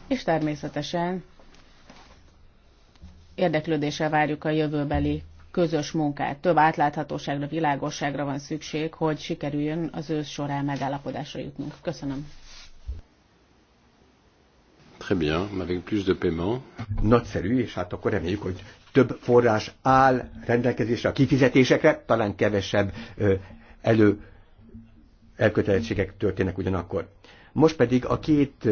és természetesen érdeklődéssel várjuk a jövőbeli közös munkát. Több átláthatóságra, világosságra van szükség, hogy sikerüljön az ősz során megállapodásra jutnunk. Köszönöm. Très bien, avec plus de paiement. Nagyszerű, és hát akkor reméljük, hogy több forrás áll rendelkezésre a kifizetésekre, talán kevesebb ö, elő elkötelezettségek történnek ugyanakkor. Most pedig a két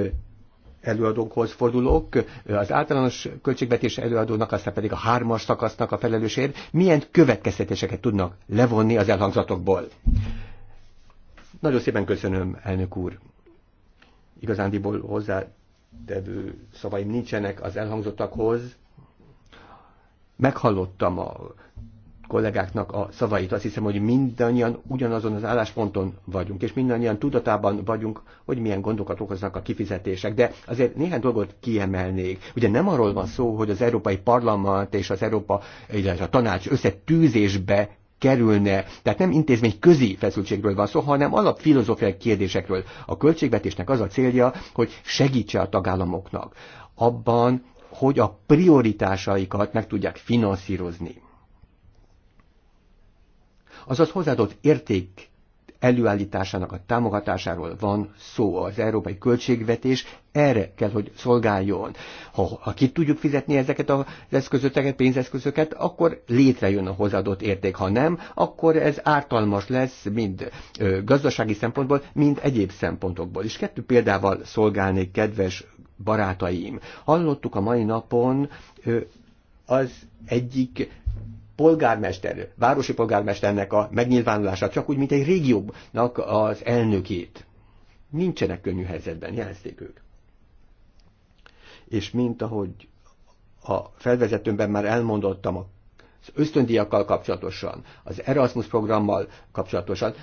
előadónkhoz fordulok, az általános költségvetés előadónak, aztán pedig a hármas szakasznak a felelősért, milyen következtetéseket tudnak levonni az elhangzatokból. Nagyon szépen köszönöm, elnök úr. Igazándiból hozzátevő szavaim nincsenek az elhangzottakhoz. Meghallottam a kollégáknak a szavait. Azt hiszem, hogy mindannyian ugyanazon az állásponton vagyunk, és mindannyian tudatában vagyunk, hogy milyen gondokat okoznak a kifizetések. De azért néhány dolgot kiemelnék. Ugye nem arról van szó, hogy az Európai Parlament és az Európa, illetve a tanács összetűzésbe kerülne. Tehát nem intézmény közi feszültségről van szó, hanem alapfilozófiai kérdésekről. A költségvetésnek az a célja, hogy segítse a tagállamoknak abban, hogy a prioritásaikat meg tudják finanszírozni azaz hozzáadott érték előállításának a támogatásáról van szó. Az európai költségvetés erre kell, hogy szolgáljon. Ha, ha ki tudjuk fizetni ezeket az eszközöket, pénzeszközöket, akkor létrejön a hozadott érték. Ha nem, akkor ez ártalmas lesz mind ö, gazdasági szempontból, mind egyéb szempontokból. És kettő példával szolgálnék, kedves barátaim. Hallottuk a mai napon ö, az egyik polgármester, városi polgármesternek a megnyilvánulása, csak úgy, mint egy régiónak az elnökét. Nincsenek könnyű helyzetben, jelezték ők. És mint ahogy a felvezetőmben már elmondottam, a az ösztöndiakkal kapcsolatosan, az Erasmus programmal kapcsolatosan,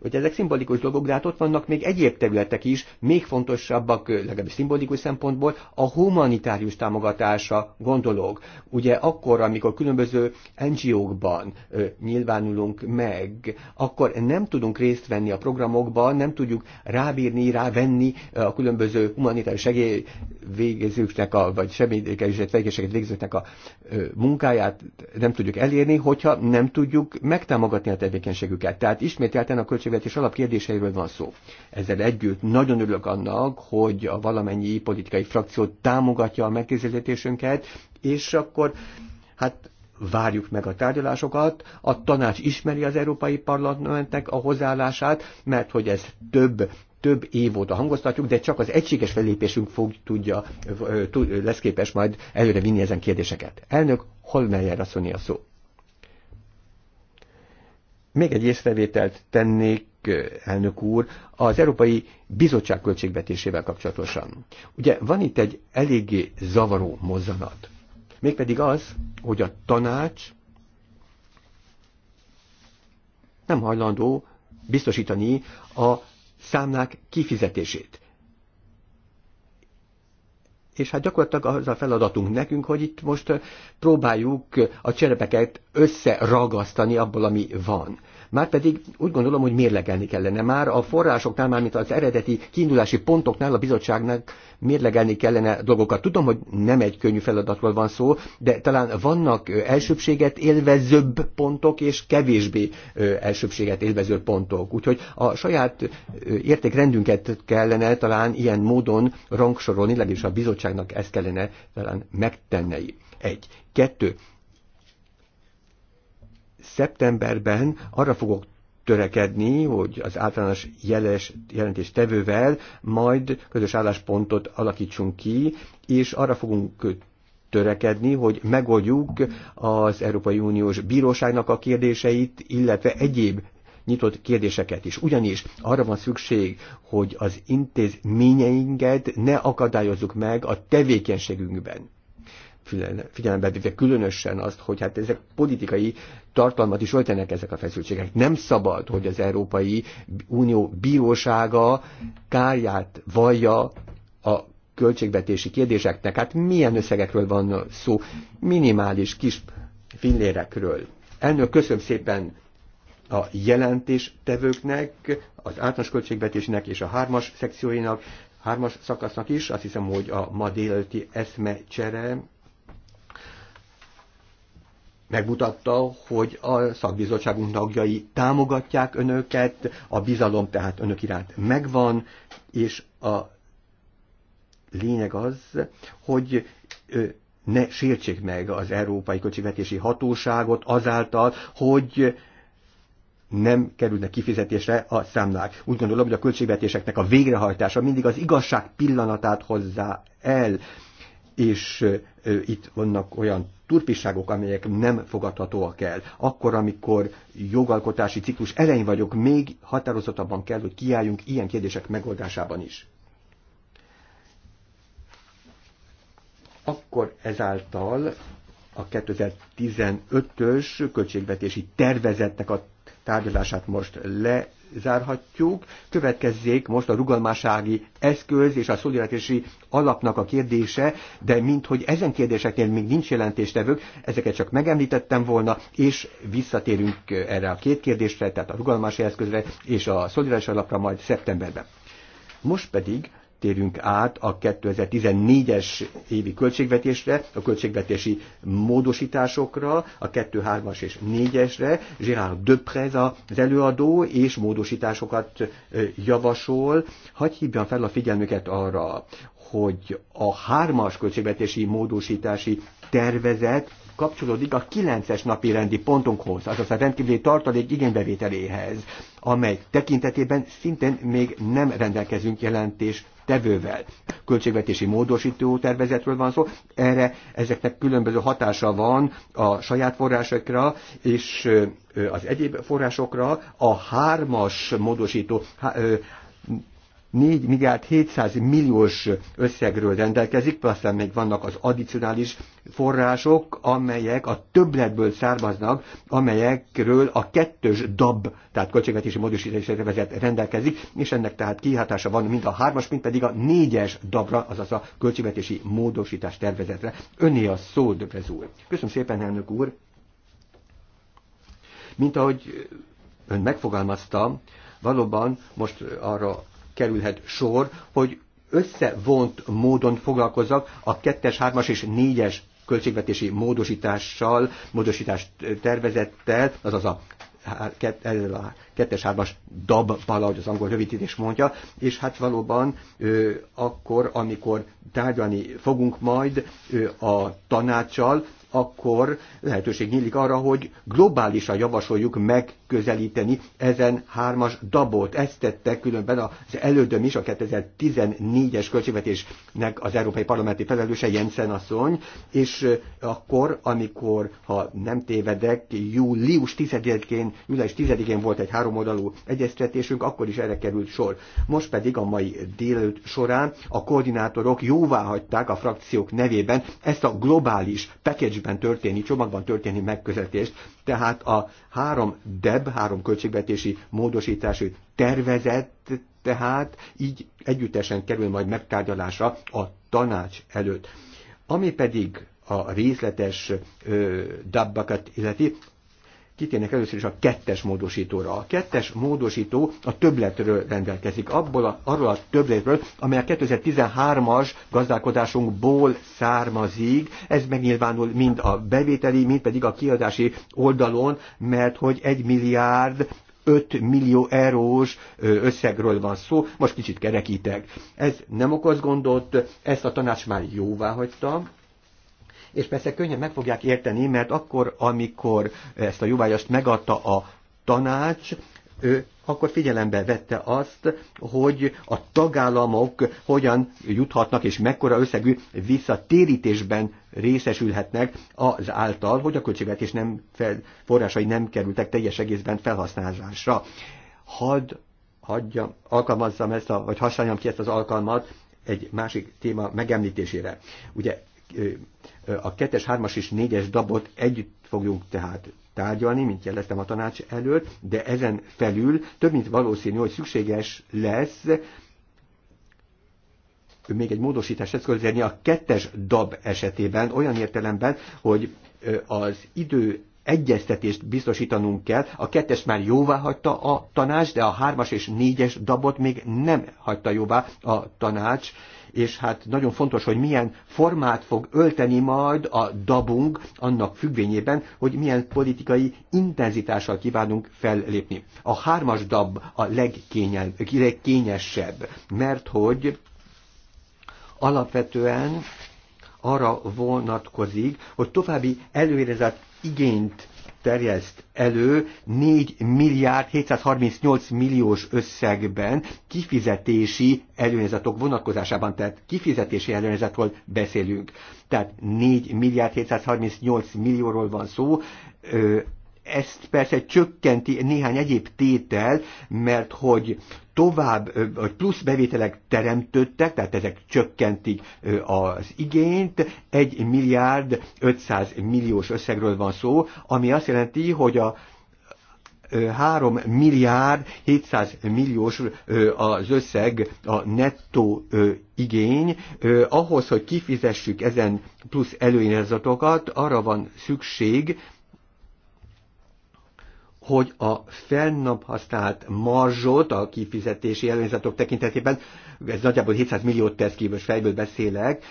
hogy ezek szimbolikus dolgok, de hát ott vannak még egyéb területek is, még fontosabbak, legalábbis szimbolikus szempontból, a humanitárius támogatása gondolok. Ugye akkor, amikor különböző NGO-kban nyilvánulunk meg, akkor nem tudunk részt venni a programokban, nem tudjuk rábírni, rávenni a különböző humanitárius segélyvégezőknek, a, vagy segélyvégezőknek a munkáját, nem tudjuk tudjuk elérni, hogyha nem tudjuk megtámogatni a tevékenységüket. Tehát ismételten a költségvetés alapkérdéseiről van szó. Ezzel együtt nagyon örülök annak, hogy a valamennyi politikai frakció támogatja a megkézelítésünket, és akkor hát várjuk meg a tárgyalásokat, a tanács ismeri az Európai Parlamentnek a hozzáállását, mert hogy ez több több év óta hangoztatjuk, de csak az egységes fellépésünk fog tudja, lesz képes majd előre vinni ezen kérdéseket. Elnök Holmeyer asszony a szó. Még egy észrevételt tennék, elnök úr, az Európai Bizottság költségvetésével kapcsolatosan. Ugye van itt egy eléggé zavaró mozzanat. Mégpedig az, hogy a tanács nem hajlandó biztosítani a számlák kifizetését. És hát gyakorlatilag az a feladatunk nekünk, hogy itt most próbáljuk a cserepeket összeragasztani abból, ami van. Márpedig úgy gondolom, hogy mérlegelni kellene. Már a forrásoknál, már mint az eredeti kiindulási pontoknál a bizottságnak mérlegelni kellene dolgokat. Tudom, hogy nem egy könnyű feladatról van szó, de talán vannak elsőbséget élvezőbb pontok és kevésbé elsőbséget élvező pontok. Úgyhogy a saját értékrendünket kellene talán ilyen módon rangsorolni, legalábbis a bizottságnak ezt kellene talán megtennei. Egy. Kettő Szeptemberben arra fogok törekedni, hogy az általános jeles, tevővel, majd közös álláspontot alakítsunk ki, és arra fogunk törekedni, hogy megoldjuk az Európai Uniós Bíróságnak a kérdéseit, illetve egyéb nyitott kérdéseket is. Ugyanis arra van szükség, hogy az intézményeinket ne akadályozzuk meg a tevékenységünkben figyelembe véve különösen azt, hogy hát ezek politikai tartalmat is öltenek ezek a feszültségek. Nem szabad, hogy az Európai Unió bírósága kárját vallja a költségvetési kérdéseknek. Hát milyen összegekről van szó? Minimális kis fillérekről. Elnök, köszönöm szépen a jelentéstevőknek, az általános költségvetésnek és a hármas szekcióinak, hármas szakasznak is. Azt hiszem, hogy a ma délelőtti eszmecsere megmutatta, hogy a szakbizottságunk tagjai támogatják önöket, a bizalom tehát önök iránt megvan, és a lényeg az, hogy ne sértsék meg az Európai Kocsivetési Hatóságot azáltal, hogy nem kerülnek kifizetésre a számlák. Úgy gondolom, hogy a költségvetéseknek a végrehajtása mindig az igazság pillanatát hozzá el és itt vannak olyan turpiságok, amelyek nem fogadhatóak el. Akkor, amikor jogalkotási ciklus elején vagyok, még határozottabban kell, hogy kiálljunk ilyen kérdések megoldásában is. Akkor ezáltal a 2015-ös költségvetési tervezetnek a tárgyalását most lezárhatjuk. Következzék most a rugalmasági eszköz és a szolidaritási alapnak a kérdése, de minthogy ezen kérdéseknél még nincs jelentéstevők, ezeket csak megemlítettem volna, és visszatérünk erre a két kérdésre, tehát a rugalmasági eszközre és a szolidaritási alapra majd szeptemberben. Most pedig térünk át a 2014-es évi költségvetésre, a költségvetési módosításokra, a 2-3-as és 4-esre. Gérard Döprez az előadó és módosításokat javasol. Hagy hívjam fel a figyelmüket arra, hogy a 3-as költségvetési módosítási tervezet kapcsolódik a 9-es napi rendi pontunkhoz, azaz a rendkívüli tartalék igénybevételéhez, amely tekintetében szintén még nem rendelkezünk jelentés tevővel. Költségvetési módosító tervezetről van szó, erre ezeknek különböző hatása van a saját forrásokra és az egyéb forrásokra. A hármas módosító 4 milliárd 700 milliós összegről rendelkezik, plusz még vannak az addicionális források, amelyek a többletből származnak, amelyekről a kettős DAB, tehát költségvetési módosítási tervezet rendelkezik, és ennek tehát kihatása van mind a hármas, mind pedig a négyes DAB-ra, azaz a költségvetési módosítás tervezetre. Öné a szó, Döbrez úr. Köszönöm szépen, elnök úr. Mint ahogy ön megfogalmazta, valóban most arra kerülhet sor, hogy összevont módon foglalkozzak a 2-es, 3-as és 4-es költségvetési módosítással, módosítást tervezettel, azaz a ezzel kettes hármas dabbal, ahogy az angol rövidítés mondja, és hát valóban ö, akkor, amikor tárgyalni fogunk majd ö, a tanácssal, akkor lehetőség nyílik arra, hogy globálisan javasoljuk megközelíteni ezen hármas dabot. Ezt tette különben az elődöm is, a 2014-es költségvetésnek az Európai Parlamenti felelőse Jensen asszony, és akkor, amikor, ha nem tévedek, július 10-én, július 10-én volt egy háromoldalú egyeztetésünk, akkor is erre került sor. Most pedig a mai délőtt során a koordinátorok jóvá hagyták a frakciók nevében ezt a globális package részben történni, csomagban történni megközelítést, tehát a három DEB, három költségvetési módosítású tervezet, tehát így együttesen kerül majd megtárgyalásra a tanács előtt. Ami pedig a részletes dabbakat illeti, kitérnek először is a kettes módosítóra. A kettes módosító a többletről rendelkezik, abból a, arról a többletről, amely a 2013-as gazdálkodásunkból származik. Ez megnyilvánul mind a bevételi, mind pedig a kiadási oldalon, mert hogy egy milliárd 5 millió eurós összegről van szó, most kicsit kerekítek. Ez nem okoz gondot, ezt a tanács már jóvá hagyta, és persze könnyen meg fogják érteni, mert akkor, amikor ezt a jóvágyast megadta a tanács, ő akkor figyelembe vette azt, hogy a tagállamok hogyan juthatnak és mekkora összegű visszatérítésben részesülhetnek az által, hogy a költségvetés nem fel, forrásai nem kerültek teljes egészben felhasználásra. Hadd hagyjam, alkalmazzam ezt, a, vagy használjam ki ezt az alkalmat egy másik téma megemlítésére. Ugye a kettes, hármas és négyes dabot együtt fogjuk tehát tárgyalni, mint jeleztem a tanács előtt, de ezen felül több mint valószínű, hogy szükséges lesz még egy módosítás eszközölni a kettes dab esetében, olyan értelemben, hogy az idő egyeztetést biztosítanunk kell. A kettes már jóvá hagyta a tanács, de a hármas és négyes dabot még nem hagyta jóvá a tanács és hát nagyon fontos, hogy milyen formát fog ölteni majd a dabunk annak függvényében, hogy milyen politikai intenzitással kívánunk fellépni. A hármas dab a legkényesebb, mert hogy alapvetően arra vonatkozik, hogy további előrezett igényt terjeszt elő 4 milliárd 738 milliós összegben kifizetési előnyezetok vonatkozásában, tehát kifizetési előnyezetről beszélünk. Tehát 4 milliárd 738 millióról van szó, ezt persze csökkenti néhány egyéb tétel, mert hogy tovább, vagy plusz bevételek teremtődtek, tehát ezek csökkentik az igényt, 1 milliárd 500 milliós összegről van szó, ami azt jelenti, hogy a 3 milliárd 700 milliós az összeg a nettó igény. Ahhoz, hogy kifizessük ezen plusz előnyezatokat, arra van szükség, hogy a fennap használt marzsot a kifizetési előnyzatok tekintetében, ez nagyjából 700 milliót tesz ki, most fejből beszélek,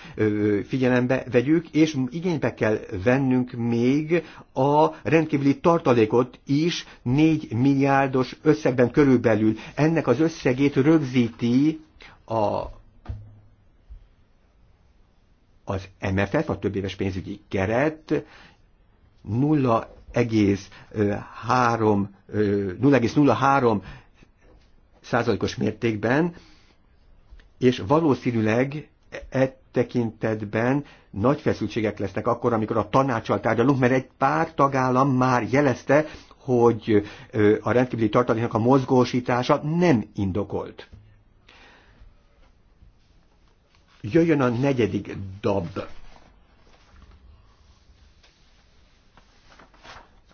figyelembe vegyük, és igénybe kell vennünk még a rendkívüli tartalékot is 4 milliárdos összegben körülbelül. Ennek az összegét rögzíti a az MFF, a többéves pénzügyi keret 0,03 százalékos mértékben, és valószínűleg e tekintetben nagy feszültségek lesznek akkor, amikor a tanácsal tárgyalunk, mert egy pár tagállam már jelezte, hogy a rendkívüli tartaléknak a mozgósítása nem indokolt. Jöjjön a negyedik dab.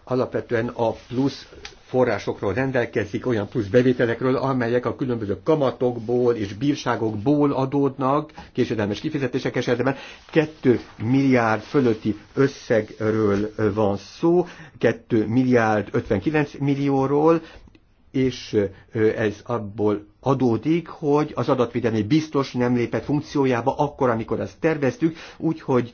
alapvetően a plusz forrásokról rendelkezik, olyan plusz bevételekről, amelyek a különböző kamatokból és bírságokból adódnak, késedelmes kifizetések esetében 2 milliárd fölötti összegről van szó, 2 milliárd 59 millióról, és ez abból adódik, hogy az adatvédelmi biztos nem lépett funkciójába akkor, amikor azt terveztük, úgyhogy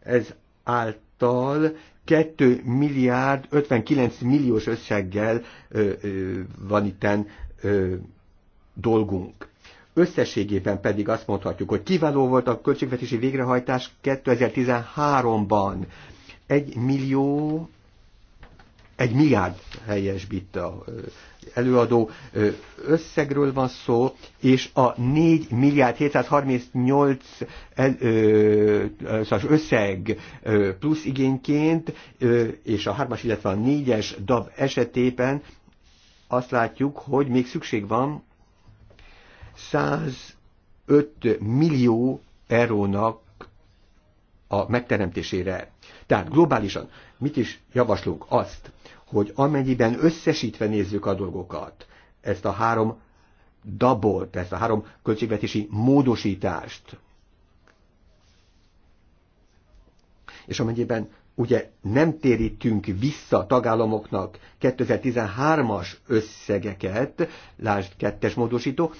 ez által 2 milliárd 59 milliós összeggel ö, ö, van itten ö, dolgunk. Összességében pedig azt mondhatjuk, hogy kiváló volt a költségvetési végrehajtás 2013-ban. Egy millió, egy milliárd helyesbít a előadó összegről van szó, és a 4 milliárd 738 el, ö, szóval összeg ö, plusz igényként, ö, és a 3-as, illetve a 4-es DAB esetében azt látjuk, hogy még szükség van 105 millió eurónak a megteremtésére. Tehát globálisan mit is javaslunk? Azt, hogy amennyiben összesítve nézzük a dolgokat, ezt a három dabolt, ezt a három költségvetési módosítást, és amennyiben ugye nem térítünk vissza tagállamoknak 2013-as összegeket, lásd kettes módosító,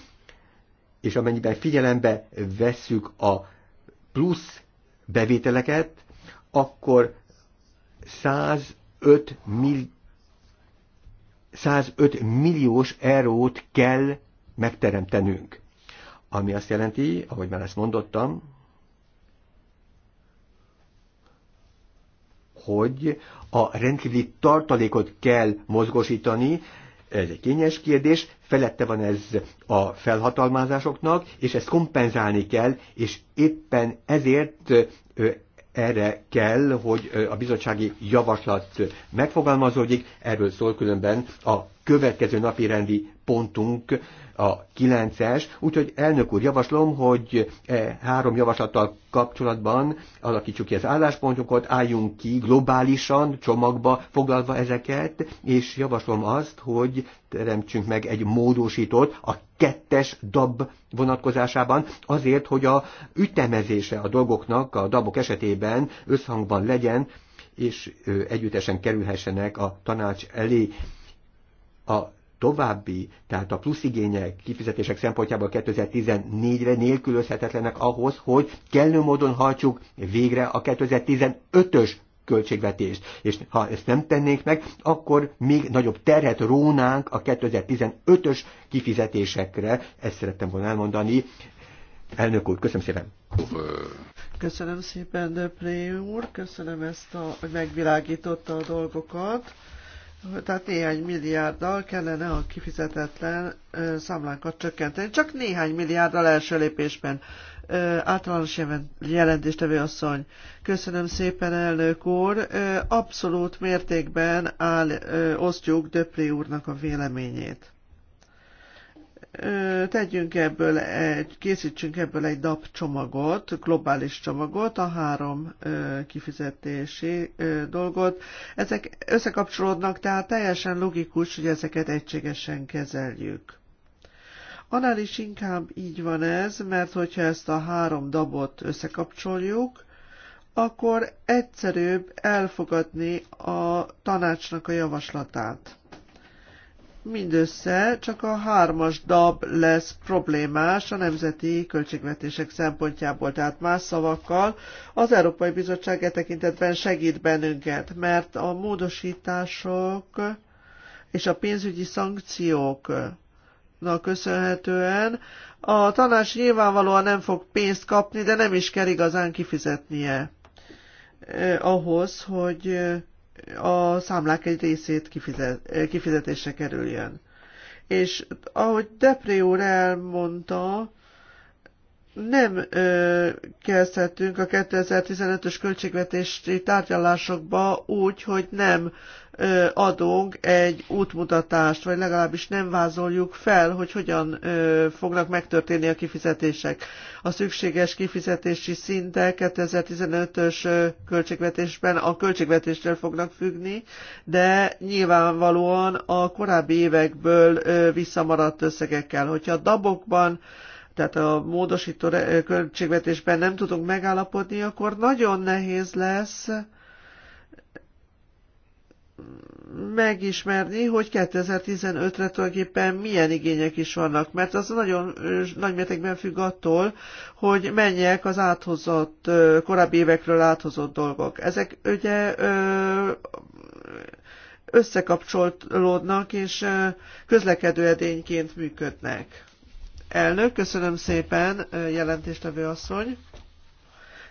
és amennyiben figyelembe vesszük a plusz bevételeket, akkor 105 millió 105 milliós eurót kell megteremtenünk. Ami azt jelenti, ahogy már ezt mondottam, hogy a rendkívüli tartalékot kell mozgosítani, ez egy kényes kérdés, felette van ez a felhatalmazásoknak, és ezt kompenzálni kell, és éppen ezért erre kell, hogy a bizottsági javaslat megfogalmazódik, erről szól különben a következő napi rendi pontunk a 9-es, úgyhogy elnök úr, javaslom, hogy e három javaslattal kapcsolatban alakítsuk ki az álláspontjukat, álljunk ki globálisan, csomagba foglalva ezeket, és javaslom azt, hogy teremtsünk meg egy módosítót a kettes dab vonatkozásában, azért, hogy a ütemezése a dolgoknak a dabok esetében összhangban legyen, és együttesen kerülhessenek a tanács elé a további, tehát a plusz igények, kifizetések szempontjából 2014-re nélkülözhetetlenek ahhoz, hogy kellő módon hajtsuk végre a 2015-ös költségvetést. És ha ezt nem tennénk meg, akkor még nagyobb terhet rónánk a 2015-ös kifizetésekre. Ezt szerettem volna elmondani. Elnök úr, köszönöm szépen. Köszönöm szépen, Döpré úr, köszönöm ezt, a, hogy megvilágította a dolgokat. Tehát néhány milliárddal kellene a kifizetetlen ö, számlákat csökkenteni. Csak néhány milliárddal első lépésben. Ö, általános jelentéstevő asszony. Köszönöm szépen, elnök úr. Ö, abszolút mértékben áll, ö, osztjuk Döpri úrnak a véleményét tegyünk ebből egy, készítsünk ebből egy DAP csomagot, globális csomagot, a három kifizetési dolgot. Ezek összekapcsolódnak, tehát teljesen logikus, hogy ezeket egységesen kezeljük. Annál is inkább így van ez, mert hogyha ezt a három dabot összekapcsoljuk, akkor egyszerűbb elfogadni a tanácsnak a javaslatát mindössze csak a hármas DAB lesz problémás a nemzeti költségvetések szempontjából. Tehát más szavakkal az Európai Bizottság e tekintetben segít bennünket, mert a módosítások és a pénzügyi szankcióknak köszönhetően a tanács nyilvánvalóan nem fog pénzt kapni, de nem is kell igazán kifizetnie eh, ahhoz, hogy eh, a számlák egy részét kifizet, eh, kifizetésre kerüljön. És ahogy Depré úr elmondta, nem ö, kezdhetünk a 2015-ös költségvetési tárgyalásokba úgy, hogy nem adunk egy útmutatást, vagy legalábbis nem vázoljuk fel, hogy hogyan fognak megtörténni a kifizetések. A szükséges kifizetési szintek 2015-ös költségvetésben a költségvetéstől fognak függni, de nyilvánvalóan a korábbi évekből visszamaradt összegekkel. Hogyha a dabokban tehát a módosító költségvetésben nem tudunk megállapodni, akkor nagyon nehéz lesz megismerni, hogy 2015-re tulajdonképpen milyen igények is vannak, mert az nagyon nagy mértékben függ attól, hogy menjek az áthozott, korábbi évekről áthozott dolgok. Ezek ugye összekapcsolódnak és közlekedő edényként működnek. Elnök, köszönöm szépen, jelentéstevő asszony.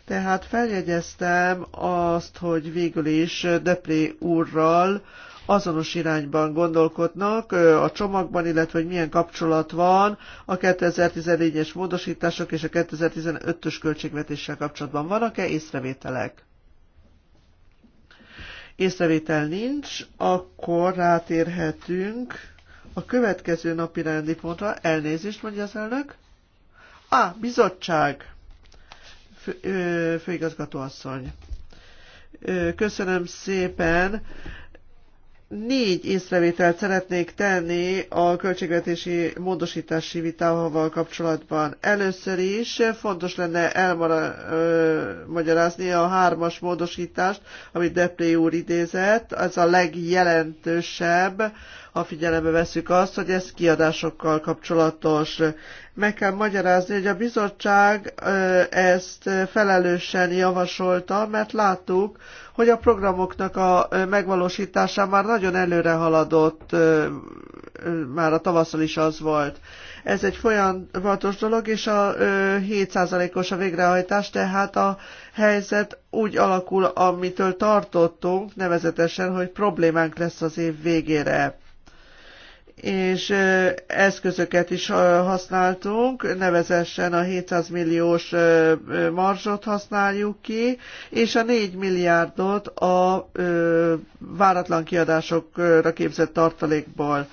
Tehát feljegyeztem azt, hogy végül is Depré úrral azonos irányban gondolkodnak a csomagban, illetve hogy milyen kapcsolat van a 2014-es módosítások és a 2015-ös költségvetéssel kapcsolatban. Vannak-e észrevételek? Észrevétel nincs, akkor rátérhetünk a következő napi rendi pontra. Elnézést, mondja az elnök. Á, bizottság! főigazgató asszony. Köszönöm szépen. Négy észrevételt szeretnék tenni a költségvetési módosítási vitával kapcsolatban. Először is fontos lenne elmagyarázni a hármas módosítást, amit Deplé úr idézett. Ez a legjelentősebb ha figyelembe veszük azt, hogy ez kiadásokkal kapcsolatos. Meg kell magyarázni, hogy a bizottság ezt felelősen javasolta, mert láttuk, hogy a programoknak a megvalósítása már nagyon előre haladott, már a tavaszon is az volt. Ez egy folyamatos dolog, és a 7%-os a végrehajtás, tehát a helyzet úgy alakul, amitől tartottunk, nevezetesen, hogy problémánk lesz az év végére és eszközöket is használtunk, nevezessen a 700 milliós marzsot használjuk ki, és a 4 milliárdot a váratlan kiadásokra képzett tartalékból.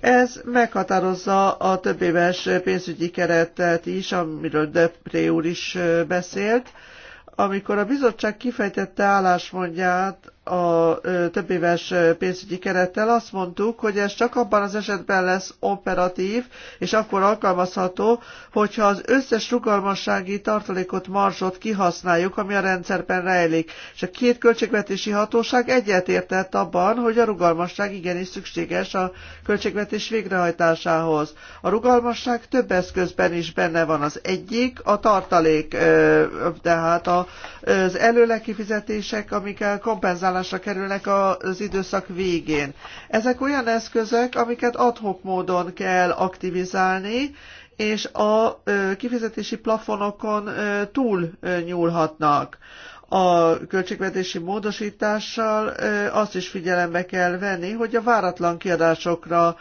Ez meghatározza a többéves pénzügyi keretet is, amiről Depré úr is beszélt. Amikor a bizottság kifejtette álláspontját a több éves pénzügyi kerettel azt mondtuk, hogy ez csak abban az esetben lesz operatív, és akkor alkalmazható, hogyha az összes rugalmassági tartalékot, marzsot kihasználjuk, ami a rendszerben rejlik. És a két költségvetési hatóság egyetértett abban, hogy a rugalmasság igenis szükséges a költségvetés végrehajtásához. A rugalmasság több eszközben is benne van. Az egyik a tartalék, tehát az kifizetések, amikkel kompenzálás felhasználásra kerülnek az időszak végén. Ezek olyan eszközök, amiket adhok módon kell aktivizálni, és a kifizetési plafonokon túl nyúlhatnak. A költségvetési módosítással azt is figyelembe kell venni, hogy a váratlan kiadásokra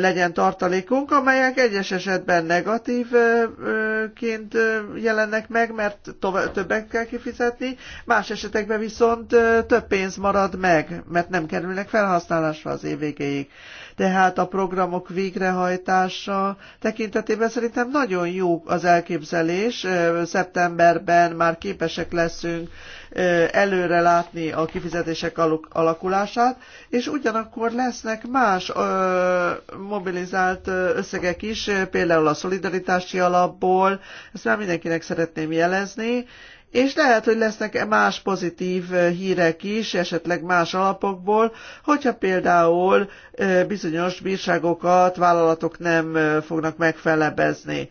legyen tartalékunk, amelyek egyes esetben negatívként jelennek meg, mert többet kell kifizetni, más esetekben viszont több pénz marad meg, mert nem kerülnek felhasználásra az év végéig. Tehát a programok végrehajtása tekintetében szerintem nagyon jó az elképzelés. Szeptemberben már képesek leszünk igyekszünk előre látni a kifizetések alakulását, és ugyanakkor lesznek más mobilizált összegek is, például a szolidaritási alapból, ezt már mindenkinek szeretném jelezni, és lehet, hogy lesznek más pozitív hírek is, esetleg más alapokból, hogyha például bizonyos bírságokat vállalatok nem fognak megfelebezni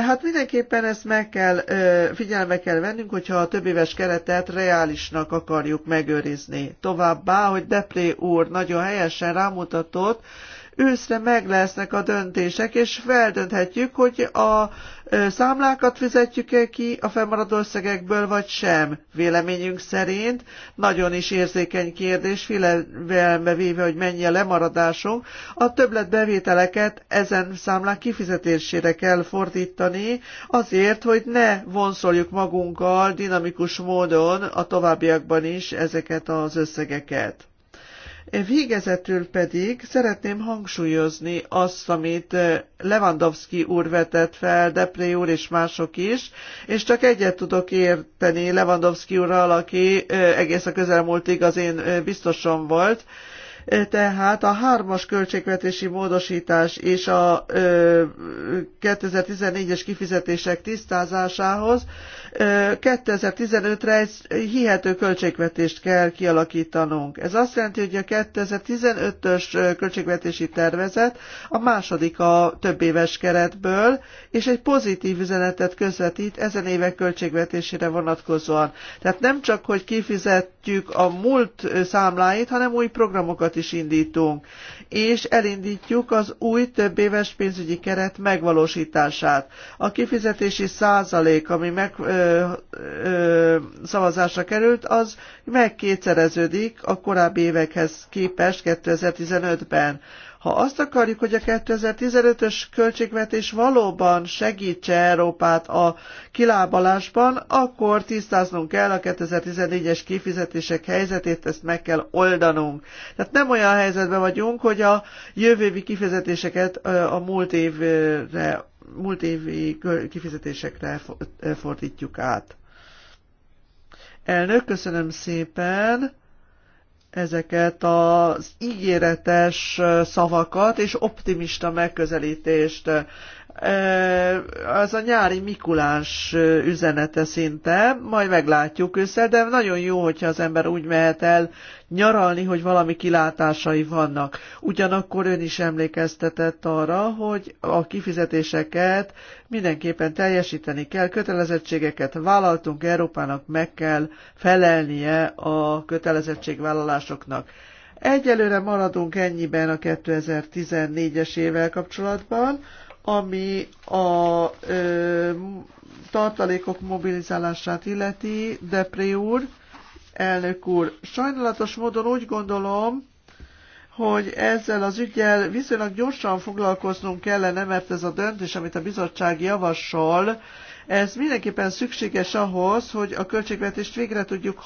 hát mindenképpen ezt meg kell, figyelembe kell vennünk, hogyha a éves keretet reálisnak akarjuk megőrizni. Továbbá, hogy Depré úr nagyon helyesen rámutatott, őszre meg lesznek a döntések, és feldönthetjük, hogy a számlákat fizetjük-e ki a felmaradó összegekből, vagy sem. Véleményünk szerint nagyon is érzékeny kérdés, figyelembe véve, hogy mennyi a lemaradásunk, a többletbevételeket ezen számlák kifizetésére kell fordítani, azért, hogy ne vonszoljuk magunkkal dinamikus módon a továbbiakban is ezeket az összegeket. Végezetül pedig szeretném hangsúlyozni azt, amit eh, Lewandowski úr vetett fel, Depré úr és mások is, és csak egyet tudok érteni Lewandowski úrral, aki eh, egész a közelmúltig az én eh, biztosom volt, tehát a hármas költségvetési módosítás és a 2014-es kifizetések tisztázásához 2015-re egy hihető költségvetést kell kialakítanunk. Ez azt jelenti, hogy a 2015-ös költségvetési tervezet a második a több éves keretből, és egy pozitív üzenetet közvetít ezen évek költségvetésére vonatkozóan. Tehát nem csak, hogy kifizetjük a múlt számláit, hanem új programokat is indítunk és elindítjuk az új több éves pénzügyi keret megvalósítását. A kifizetési százalék, ami meg, ö, ö, szavazásra került, az megkétszereződik a korábbi évekhez képest 2015-ben. Ha azt akarjuk, hogy a 2015-ös költségvetés valóban segítse Európát a kilábalásban, akkor tisztáznunk kell a 2014-es kifizetések helyzetét, ezt meg kell oldanunk. Tehát nem olyan helyzetben vagyunk, hogy a jövővi kifizetéseket a múlt évre múlt évi kifizetésekre fordítjuk át. Elnök, köszönöm szépen ezeket az ígéretes szavakat és optimista megközelítést az a nyári Mikulás üzenete szinte, majd meglátjuk össze, de nagyon jó, hogyha az ember úgy mehet el nyaralni, hogy valami kilátásai vannak. Ugyanakkor ön is emlékeztetett arra, hogy a kifizetéseket mindenképpen teljesíteni kell, kötelezettségeket vállaltunk, Európának meg kell felelnie a kötelezettségvállalásoknak. Egyelőre maradunk ennyiben a 2014-es évvel kapcsolatban ami a ö, tartalékok mobilizálását illeti, Depré úr, elnök úr. Sajnálatos módon úgy gondolom, hogy ezzel az ügyel viszonylag gyorsan foglalkoznunk kellene, mert ez a döntés, amit a bizottság javasol, ez mindenképpen szükséges ahhoz, hogy a költségvetést végre tudjuk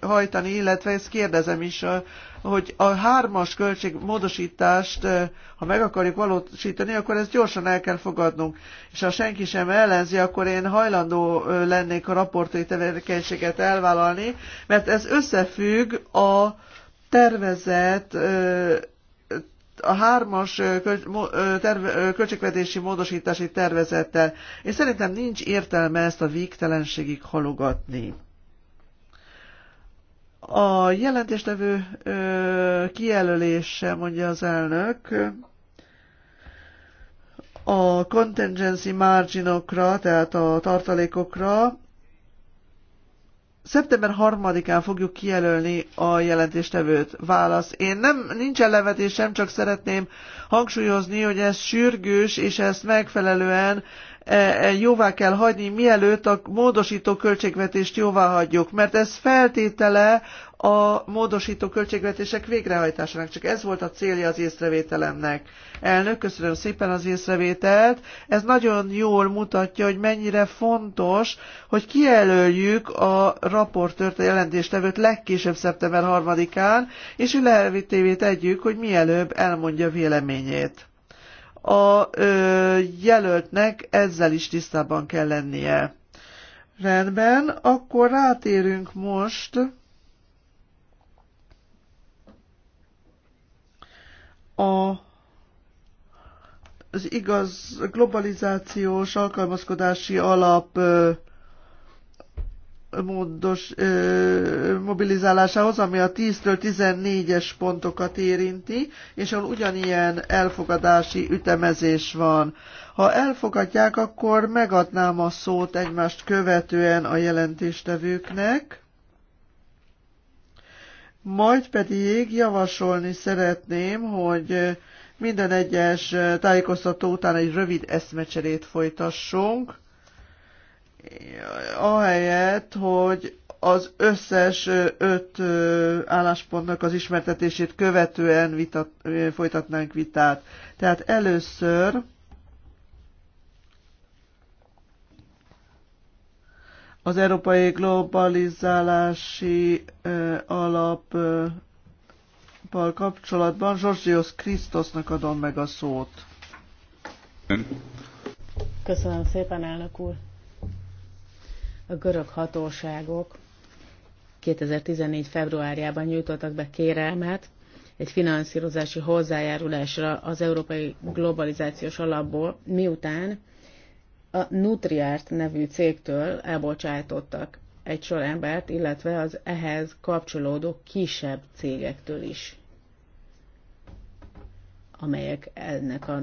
hajtani, illetve ezt kérdezem is, hogy a hármas költségmódosítást, ha meg akarjuk valósítani, akkor ezt gyorsan el kell fogadnunk. És ha senki sem ellenzi, akkor én hajlandó lennék a raportai tevékenységet elvállalni, mert ez összefügg a tervezett a hármas költségvetési módosítási tervezettel. Én szerintem nincs értelme ezt a végtelenségig halogatni. A jelentéstevő kijelölése, mondja az elnök, a contingency marginokra, tehát a tartalékokra Szeptember 3-án fogjuk kijelölni a jelentéstevőt. Válasz. Én nem, nincs levetésem, csak szeretném hangsúlyozni, hogy ez sürgős, és ezt megfelelően E, e, jóvá kell hagyni, mielőtt a módosító költségvetést jóvá hagyjuk, mert ez feltétele a módosító költségvetések végrehajtásának. Csak ez volt a célja az észrevételemnek. Elnök, köszönöm szépen az észrevételt. Ez nagyon jól mutatja, hogy mennyire fontos, hogy kijelöljük a raportört, a jelentéstevőt legkésőbb szeptember 3-án, és lehetővé tegyük, hogy mielőbb elmondja véleményét a jelöltnek ezzel is tisztában kell lennie. Rendben, akkor rátérünk most a az igaz globalizációs alkalmazkodási alap módos ö, mobilizálásához, ami a 10-től 14-es pontokat érinti, és ahol ugyanilyen elfogadási ütemezés van. Ha elfogadják, akkor megadnám a szót egymást követően a jelentéstevőknek, majd pedig javasolni szeretném, hogy minden egyes tájékoztató után egy rövid eszmecserét folytassunk, ahelyett, hogy az összes öt álláspontnak az ismertetését követően vitat, folytatnánk vitát. Tehát először az Európai Globalizálási Alappal kapcsolatban Georgios Krisztosnak adom meg a szót. Köszönöm szépen, elnök úr! a görög hatóságok 2014. februárjában nyújtottak be kérelmet egy finanszírozási hozzájárulásra az Európai Globalizációs Alapból, miután a Nutriart nevű cégtől elbocsájtottak egy sor embert, illetve az ehhez kapcsolódó kisebb cégektől is, amelyek ennek a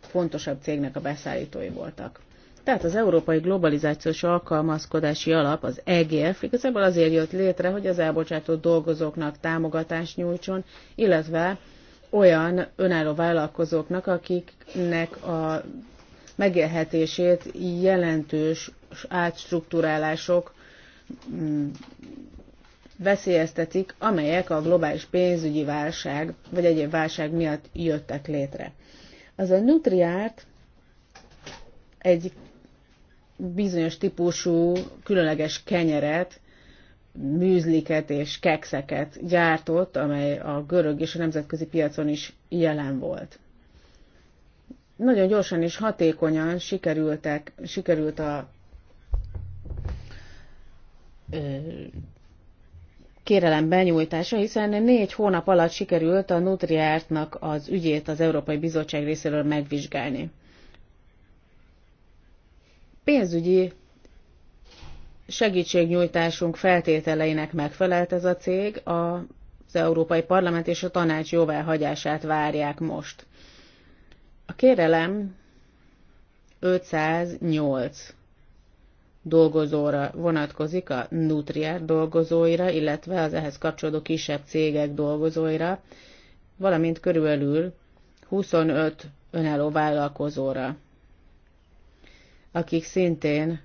fontosabb cégnek a beszállítói voltak. Tehát az Európai Globalizációs Alkalmazkodási Alap, az EGF igazából azért jött létre, hogy az elbocsátott dolgozóknak támogatást nyújtson, illetve olyan önálló vállalkozóknak, akiknek a megélhetését jelentős átstruktúrálások mm, veszélyeztetik, amelyek a globális pénzügyi válság vagy egyéb válság miatt jöttek létre. Az a Nutriárt egy bizonyos típusú különleges kenyeret, műzliket és kekszeket gyártott, amely a görög és a nemzetközi piacon is jelen volt. Nagyon gyorsan és hatékonyan sikerültek, sikerült a kérelem benyújtása, hiszen négy hónap alatt sikerült a Nutriártnak az ügyét az Európai Bizottság részéről megvizsgálni pénzügyi segítségnyújtásunk feltételeinek megfelelt ez a cég, az Európai Parlament és a Tanács jóváhagyását várják most. A kérelem 508 dolgozóra vonatkozik, a Nutriár dolgozóira, illetve az ehhez kapcsolódó kisebb cégek dolgozóira, valamint körülbelül 25 önálló vállalkozóra akik szintén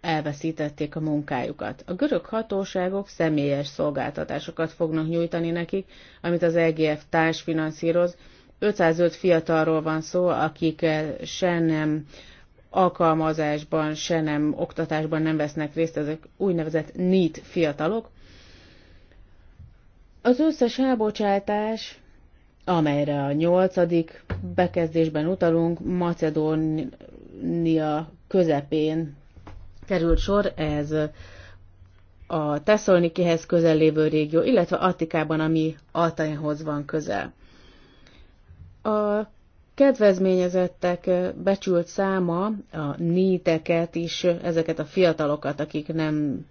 elveszítették a munkájukat. A görög hatóságok személyes szolgáltatásokat fognak nyújtani nekik, amit az EGF társ finanszíroz. 505 fiatalról van szó, akik eh, se nem alkalmazásban, se nem oktatásban nem vesznek részt, ezek úgynevezett NEET fiatalok. Az összes elbocsátás, amelyre a nyolcadik bekezdésben utalunk, Macedón Nia közepén került sor, ez a Tesszolnikihez közel lévő régió, illetve Attikában, ami Altainhoz van közel. A kedvezményezettek becsült száma, a níteket is, ezeket a fiatalokat, akik nem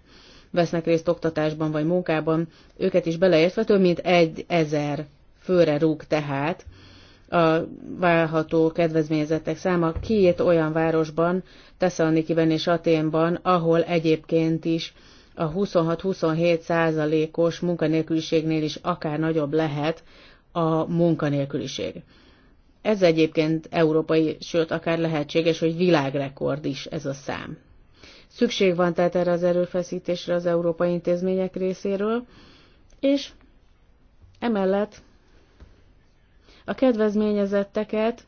vesznek részt oktatásban vagy munkában, őket is beleértve több mint egy ezer főre rúg tehát a válható kedvezményezettek száma két olyan városban, Tesszalonikiben és Aténban, ahol egyébként is a 26-27 százalékos munkanélküliségnél is akár nagyobb lehet a munkanélküliség. Ez egyébként európai, sőt akár lehetséges, hogy világrekord is ez a szám. Szükség van tehát erre az erőfeszítésre az európai intézmények részéről, és emellett a kedvezményezetteket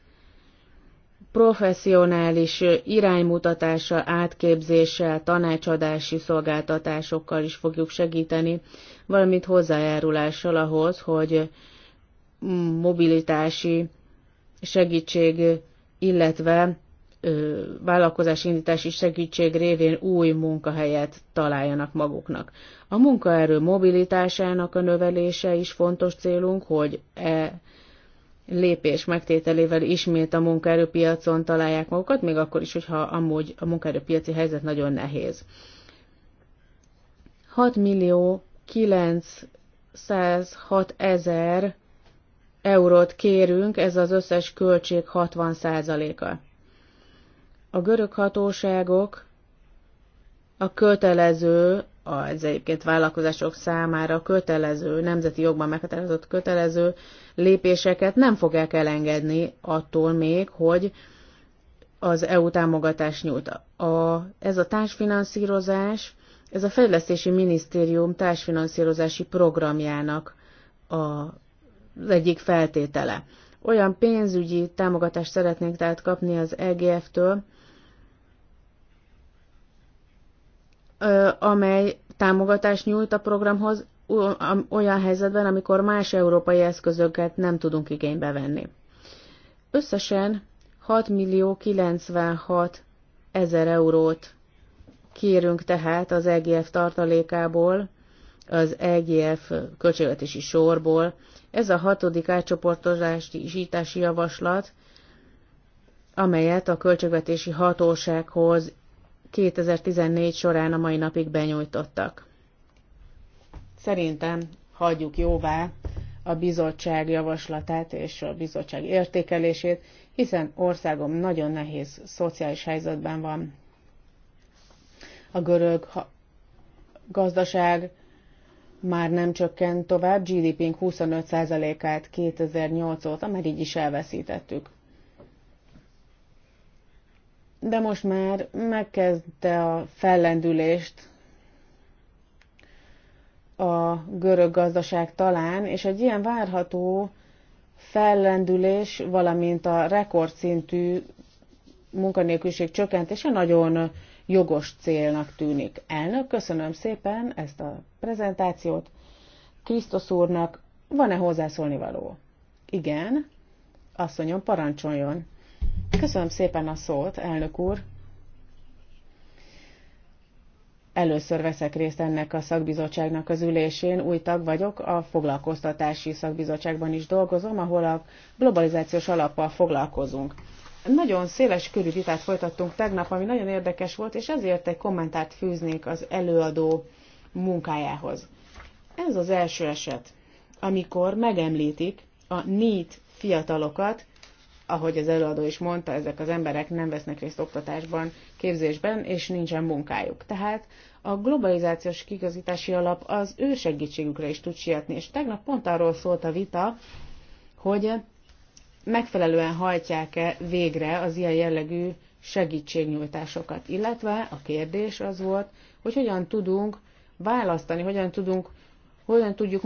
professzionális iránymutatással, átképzéssel, tanácsadási szolgáltatásokkal is fogjuk segíteni, valamint hozzájárulással ahhoz, hogy mobilitási segítség, illetve indítási segítség révén új munkahelyet találjanak maguknak. A munkaerő mobilitásának a növelése is fontos célunk, hogy e lépés megtételével ismét a munkaerőpiacon találják magukat, még akkor is, hogyha amúgy a munkaerőpiaci helyzet nagyon nehéz. 6 millió 906 ezer eurót kérünk, ez az összes költség 60%-a. A görög hatóságok a kötelező az egyébként vállalkozások számára kötelező, nemzeti jogban meghatározott kötelező lépéseket nem fogják elengedni attól még, hogy az EU támogatás nyújt. A, ez a társfinanszírozás, ez a Fejlesztési Minisztérium társfinanszírozási programjának a, az egyik feltétele. Olyan pénzügyi támogatást szeretnénk tehát kapni az EGF-től, amely támogatást nyújt a programhoz olyan helyzetben, amikor más európai eszközöket nem tudunk igénybe venni. Összesen 6 millió 96 ezer eurót kérünk tehát az EGF tartalékából, az EGF költségvetési sorból. Ez a hatodik átcsoportosítási javaslat, amelyet a költségvetési hatósághoz 2014 során a mai napig benyújtottak. Szerintem hagyjuk jóvá a bizottság javaslatát és a bizottság értékelését, hiszen országom nagyon nehéz szociális helyzetben van. A görög gazdaság már nem csökkent tovább, GDP-nk 25%-át 2008 óta, mert így is elveszítettük de most már megkezdte a fellendülést a görög gazdaság talán, és egy ilyen várható fellendülés, valamint a rekordszintű munkanélküliség csökkentése nagyon jogos célnak tűnik. Elnök, köszönöm szépen ezt a prezentációt. Krisztus úrnak van-e hozzászólni való? Igen. Asszonyom, parancsoljon. Köszönöm szépen a szót, elnök úr. Először veszek részt ennek a szakbizottságnak az ülésén, új tag vagyok, a foglalkoztatási szakbizottságban is dolgozom, ahol a globalizációs alappal foglalkozunk. Nagyon széles körű vitát folytattunk tegnap, ami nagyon érdekes volt, és ezért egy kommentárt fűznék az előadó munkájához. Ez az első eset, amikor megemlítik a NEET fiatalokat, ahogy az előadó is mondta, ezek az emberek nem vesznek részt oktatásban, képzésben, és nincsen munkájuk. Tehát a globalizációs kigazítási alap az ő segítségükre is tud sietni, és tegnap pont arról szólt a vita, hogy megfelelően hajtják-e végre az ilyen jellegű segítségnyújtásokat, illetve a kérdés az volt, hogy hogyan tudunk választani, hogyan tudunk, hogyan tudjuk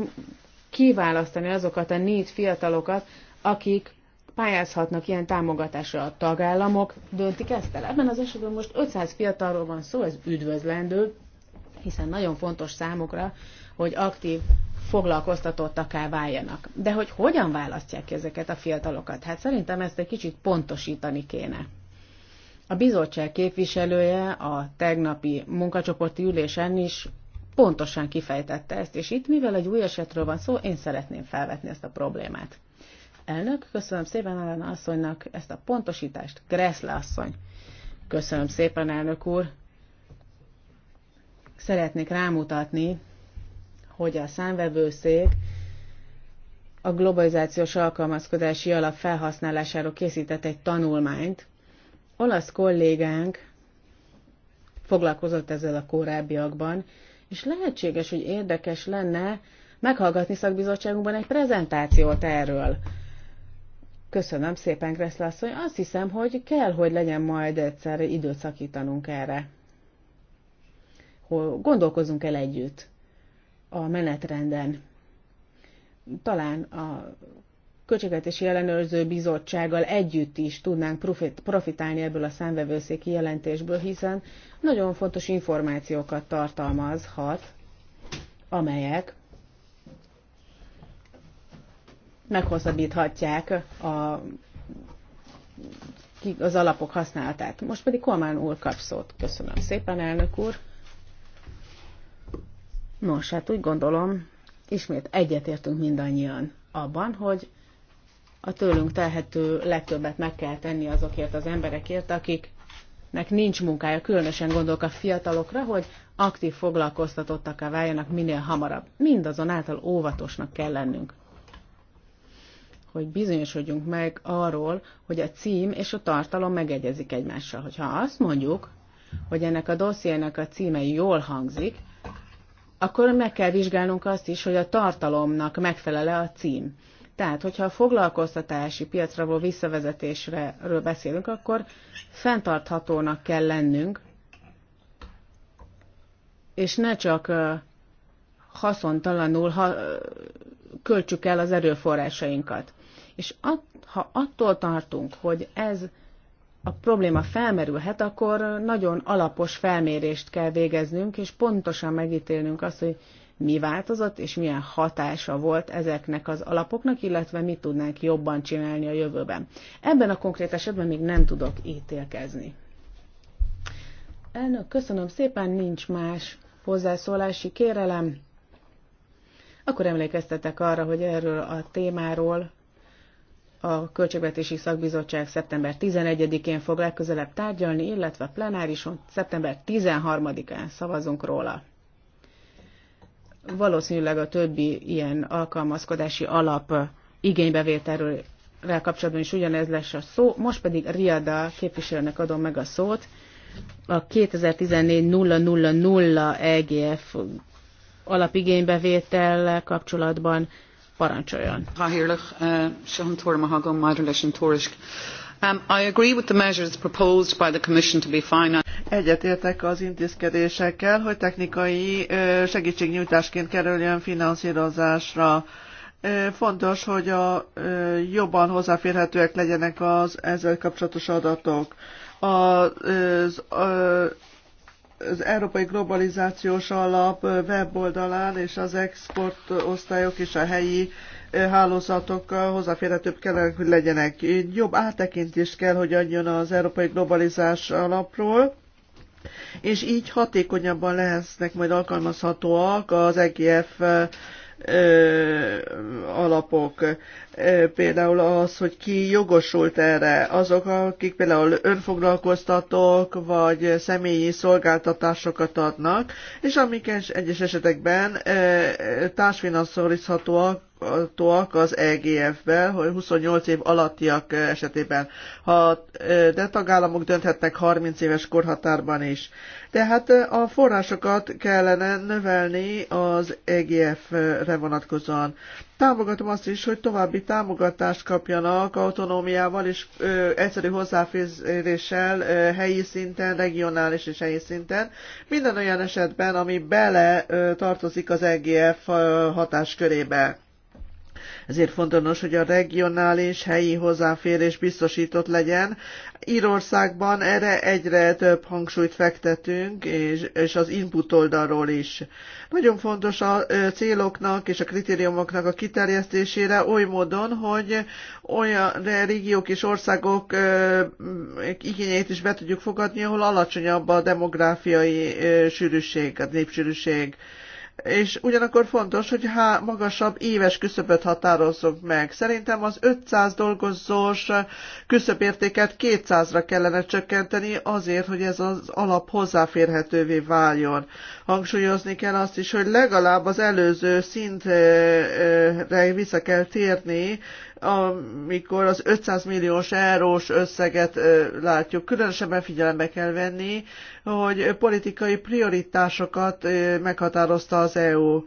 kiválasztani azokat a négy fiatalokat, akik pályázhatnak ilyen támogatásra a tagállamok, döntik ezt el. Ebben az esetben most 500 fiatalról van szó, ez üdvözlendő, hiszen nagyon fontos számukra, hogy aktív foglalkoztatottaká váljanak. De hogy hogyan választják ki ezeket a fiatalokat? Hát szerintem ezt egy kicsit pontosítani kéne. A bizottság képviselője a tegnapi munkacsoporti ülésen is pontosan kifejtette ezt, és itt, mivel egy új esetről van szó, én szeretném felvetni ezt a problémát. Elnök, köszönöm szépen Alana asszonynak ezt a pontosítást. Greszle asszony. Köszönöm szépen, elnök úr. Szeretnék rámutatni, hogy a számvevőszék a globalizációs alkalmazkodási alap felhasználásáról készített egy tanulmányt. Olasz kollégánk foglalkozott ezzel a korábbiakban, és lehetséges, hogy érdekes lenne meghallgatni szakbizottságunkban egy prezentációt erről. Köszönöm szépen, Kressz asszony. Azt hiszem, hogy kell, hogy legyen majd egyszer időt szakítanunk erre. Hol gondolkozunk el együtt a menetrenden. Talán a Költségvetési Ellenőrző Bizottsággal együtt is tudnánk profit, profitálni ebből a számvevőszéki jelentésből, hiszen nagyon fontos információkat tartalmazhat, amelyek meghosszabbíthatják a, az alapok használatát. Most pedig Kolmán úr kap szót. Köszönöm szépen, elnök úr. Nos, hát úgy gondolom, ismét egyetértünk mindannyian abban, hogy a tőlünk telhető legtöbbet meg kell tenni azokért az emberekért, akiknek nincs munkája, különösen gondolok a fiatalokra, hogy aktív a váljanak minél hamarabb. Mindazonáltal óvatosnak kell lennünk hogy bizonyosodjunk meg arról, hogy a cím és a tartalom megegyezik egymással. Hogyha azt mondjuk, hogy ennek a dossziének a címe jól hangzik, akkor meg kell vizsgálnunk azt is, hogy a tartalomnak megfelele a cím. Tehát, hogyha a foglalkoztatási piacra való visszavezetésről beszélünk, akkor fenntarthatónak kell lennünk, és ne csak haszontalanul ha, költsük el az erőforrásainkat. És at, ha attól tartunk, hogy ez a probléma felmerülhet, akkor nagyon alapos felmérést kell végeznünk, és pontosan megítélnünk azt, hogy mi változott, és milyen hatása volt ezeknek az alapoknak, illetve mit tudnánk jobban csinálni a jövőben. Ebben a konkrét esetben még nem tudok ítélkezni. Elnök, köszönöm szépen, nincs más hozzászólási kérelem. Akkor emlékeztetek arra, hogy erről a témáról a Költségvetési Szakbizottság szeptember 11-én fog legközelebb tárgyalni, illetve a plenárison szeptember 13-án szavazunk róla. Valószínűleg a többi ilyen alkalmazkodási alap igénybevételről kapcsolatban is ugyanez lesz a szó. Most pedig Riada képviselőnek adom meg a szót. A 2014 000 EGF alapigénybevétellel kapcsolatban Parancsoljon. Uh, um, I agree with the measures proposed by the Commission to be financed. Egyetértek az intézkedésekkel, hogy technikai uh, segítségnyújtásként kerüljön finanszírozásra. Uh, fontos, hogy a jobban hozzáférhetőek legyenek az ezzel kapcsolatos adatok. Az, az, az az Európai Globalizációs Alap weboldalán és az export osztályok és a helyi hálózatok hozzáférhetőbb kellene, hogy legyenek. Jobb áttekintést kell, hogy adjon az Európai Globalizás Alapról, és így hatékonyabban lesznek majd alkalmazhatóak az EGF alapok. Például az, hogy ki jogosult erre. Azok, akik például önfoglalkoztatók, vagy személyi szolgáltatásokat adnak, és amik egyes esetekben társfinanszírozhatóak toak az EGF-vel, hogy 28 év alattiak esetében. Ha, de tagállamok dönthetnek 30 éves korhatárban is. Tehát a forrásokat kellene növelni az EGF-re vonatkozóan. Támogatom azt is, hogy további támogatást kapjanak autonómiával és ö, egyszerű hozzáféréssel ö, helyi szinten, regionális és helyi szinten. Minden olyan esetben, ami bele ö, tartozik az EGF ö, hatáskörébe. Ezért fontos, hogy a regionális, helyi hozzáférés biztosított legyen. Írországban erre egyre több hangsúlyt fektetünk, és, és az input oldalról is. Nagyon fontos a céloknak és a kritériumoknak a kiterjesztésére oly módon, hogy olyan régiók és országok igényeit is be tudjuk fogadni, ahol alacsonyabb a demográfiai sűrűség, a népsűrűség és ugyanakkor fontos, hogy há, magasabb éves küszöböt határozzunk meg. Szerintem az 500 dolgozós küszöbértéket 200-ra kellene csökkenteni azért, hogy ez az alap hozzáférhetővé váljon. Hangsúlyozni kell azt is, hogy legalább az előző szintre eh, eh, vissza kell térni, amikor az 500 milliós eurós összeget látjuk. Különösebben figyelembe kell venni, hogy politikai prioritásokat meghatározta az EU.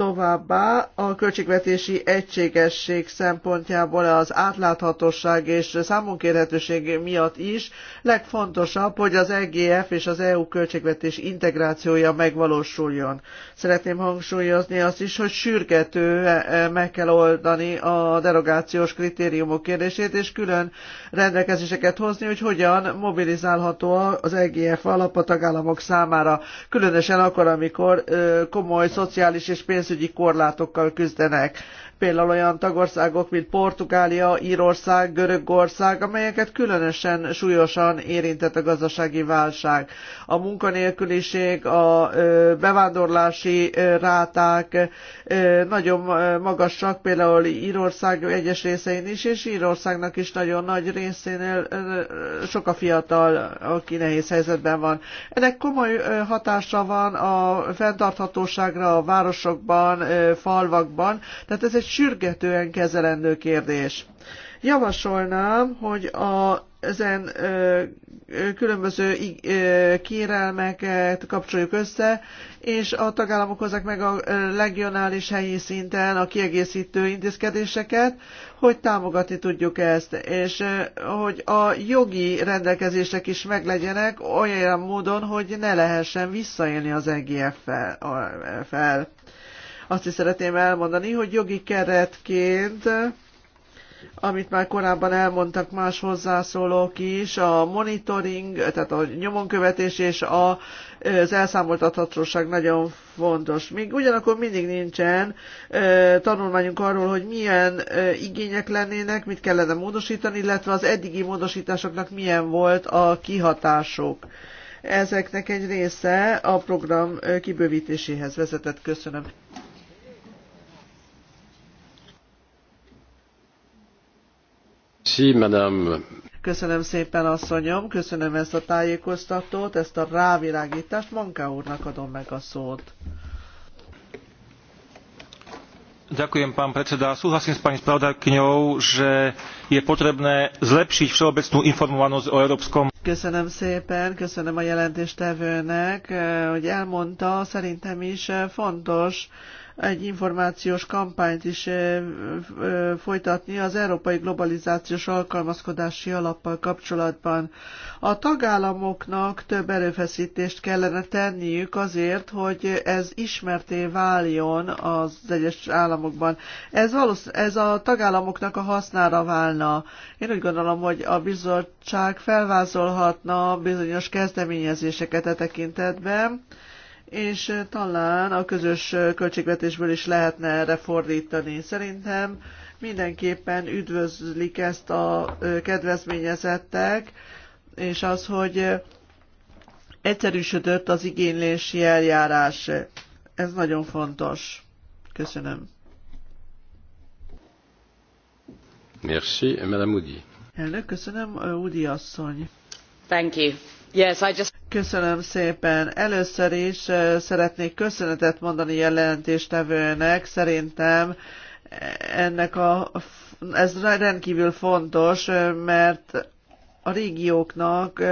Továbbá a költségvetési egységesség szempontjából az átláthatóság és számonkérhetőség miatt is legfontosabb, hogy az EGF és az EU költségvetés integrációja megvalósuljon. Szeretném hangsúlyozni azt is, hogy sürgető e, e, meg kell oldani a derogációs kritériumok kérdését, és külön rendelkezéseket hozni, hogy hogyan mobilizálható az EGF alap a tagállamok számára, különösen akkor, amikor komoly szociális és pénz pénzügyi korlátokkal küzdenek például olyan tagországok, mint Portugália, Írország, Görögország, amelyeket különösen súlyosan érintett a gazdasági válság. A munkanélküliség, a bevándorlási ráták nagyon magasak, például Írország egyes részein is, és Írországnak is nagyon nagy részénél sok a fiatal, aki nehéz helyzetben van. Ennek komoly hatása van a fenntarthatóságra a városokban, falvakban, tehát ez egy sürgetően kezelendő kérdés. Javasolnám, hogy a ezen ö, különböző ö, kérelmeket kapcsoljuk össze, és a tagállamok hozzák meg a legionális helyi szinten a kiegészítő intézkedéseket, hogy támogatni tudjuk ezt, és ö, hogy a jogi rendelkezések is meglegyenek olyan módon, hogy ne lehessen visszaélni az EGF-fel. Azt is szeretném elmondani, hogy jogi keretként amit már korábban elmondtak más hozzászólók is, a monitoring, tehát a nyomonkövetés és a, az elszámoltathatóság nagyon fontos. Még ugyanakkor mindig nincsen tanulmányunk arról, hogy milyen igények lennének, mit kellene módosítani, illetve az eddigi módosításoknak milyen volt a kihatások. Ezeknek egy része a program kibővítéséhez vezetett. Köszönöm. Köszönöm szépen, asszonyom, köszönöm ezt a tájékoztatót, ezt a rávilágítást. Manka úrnak adom meg a szót. Ďakujem, pán predseda. Súhlasím s pani spravodajkyňou, že je potrebné zlepšiť všeobecnú informovanosť o európskom Köszönöm szépen, köszönöm a jelentéstevőnek, eh, hogy elmondta, szerintem is eh, fontos, egy információs kampányt is folytatni az Európai Globalizációs Alkalmazkodási Alappal kapcsolatban. A tagállamoknak több erőfeszítést kellene tenniük azért, hogy ez ismerté váljon az egyes államokban. Ez, valószín, ez a tagállamoknak a hasznára válna. Én úgy gondolom, hogy a bizottság felvázolhatna bizonyos kezdeményezéseket e tekintetben, és eh, talán a közös eh, költségvetésből is lehetne erre fordítani. Szerintem mindenképpen üdvözlik ezt a eh, kedvezményezettek, és az, hogy egyszerűsödött az igénylési eljárás. Ez nagyon fontos. Köszönöm. Merci, Madame Udi. Elnök, köszönöm, Udi asszony. Thank you. Yes, I just... Köszönöm szépen. Először is szeretnék köszönetet mondani jelentéstevőnek. Szerintem ennek a, ez rendkívül fontos, mert a régióknak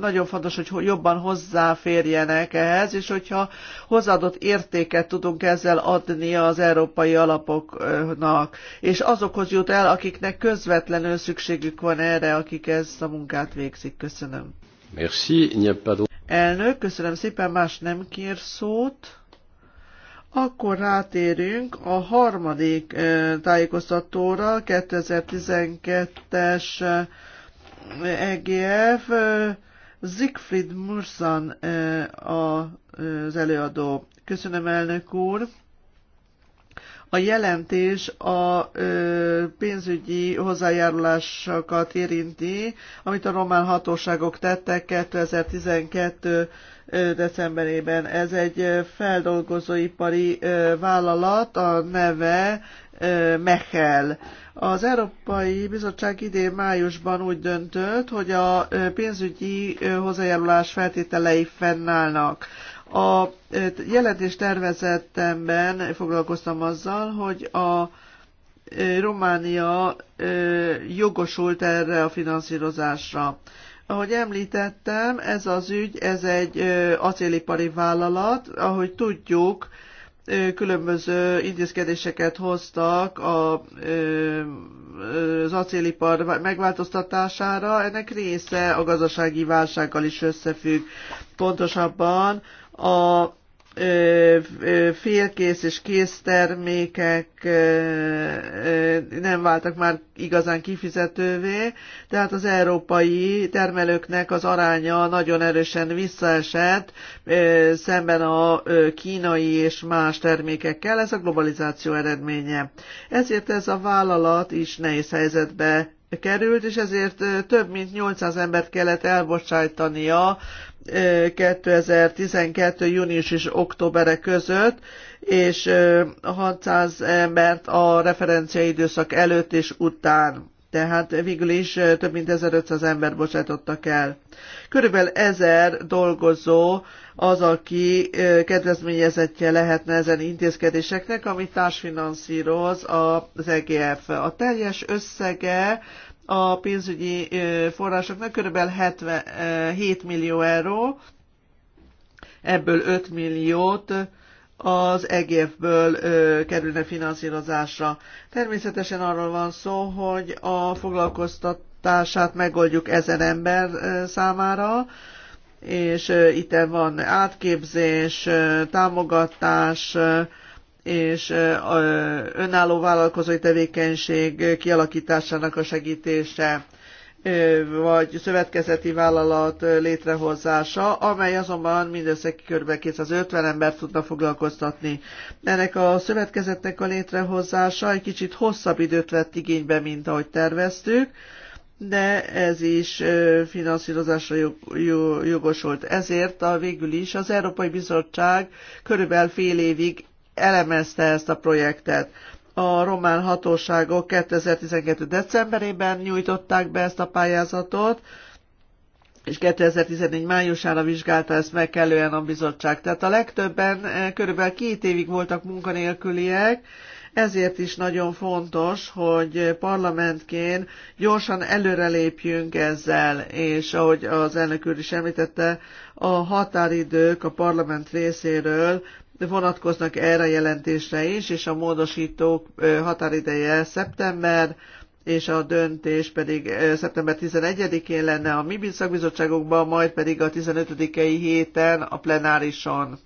nagyon fontos, hogy jobban hozzáférjenek ehhez, és hogyha hozzáadott értéket tudunk ezzel adni az európai alapoknak, és azokhoz jut el, akiknek közvetlenül szükségük van erre, akik ezt a munkát végzik. Köszönöm. Merci, il n'y a pas Elnök, köszönöm szépen, más nem kér szót. Akkor rátérünk a harmadik tájékoztatóra, 2012-es EGF, Siegfried Mursan az előadó. Köszönöm, elnök úr! A jelentés a pénzügyi hozzájárulásokat érinti, amit a román hatóságok tettek 2012 decemberében. Ez egy feldolgozóipari vállalat, a neve Mechel. Az Európai Bizottság idén májusban úgy döntött, hogy a pénzügyi hozzájárulás feltételei fennállnak. A jelentés tervezettemben foglalkoztam azzal, hogy a Románia jogosult erre a finanszírozásra. Ahogy említettem, ez az ügy, ez egy acélipari vállalat, ahogy tudjuk, különböző intézkedéseket hoztak a, az acélipar megváltoztatására. Ennek része a gazdasági válsággal is összefügg. Pontosabban a félkész és kész termékek nem váltak már igazán kifizetővé, tehát az európai termelőknek az aránya nagyon erősen visszaesett szemben a kínai és más termékekkel, ez a globalizáció eredménye. Ezért ez a vállalat is nehéz helyzetbe került, és ezért több mint 800 embert kellett elbocsájtania 2012. június és októbere között, és 600 embert a referencia időszak előtt és után. Tehát végül is több mint 1500 ember bocsátottak el. Körülbelül 1000 dolgozó az, aki kedvezményezettje lehetne ezen intézkedéseknek, amit társfinanszíroz az EGF. A teljes összege a pénzügyi forrásoknak kb. 77 millió euró, ebből 5 milliót az EGF-ből kerülne finanszírozásra. Természetesen arról van szó, hogy a foglalkoztatását megoldjuk ezen ember számára, és itt van átképzés, támogatás, és önálló vállalkozói tevékenység kialakításának a segítése vagy szövetkezeti vállalat létrehozása, amely azonban mindössze körbe 250 embert tudna foglalkoztatni. Ennek a szövetkezetnek a létrehozása egy kicsit hosszabb időt vett igénybe, mint ahogy terveztük, de ez is finanszírozásra jogosult. Ezért a végül is az Európai Bizottság körülbelül fél évig elemezte ezt a projektet. A román hatóságok 2012. decemberében nyújtották be ezt a pályázatot, és 2014 májusára vizsgálta ezt meg kellően a bizottság. Tehát a legtöbben körülbelül két évig voltak munkanélküliek, ezért is nagyon fontos, hogy parlamentként gyorsan előrelépjünk ezzel, és ahogy az elnök úr is említette, a határidők a parlament részéről vonatkoznak erre a jelentésre is, és a módosítók határideje szeptember, és a döntés pedig szeptember 11-én lenne a mi szakbizottságunkban, majd pedig a 15-i héten a plenárison.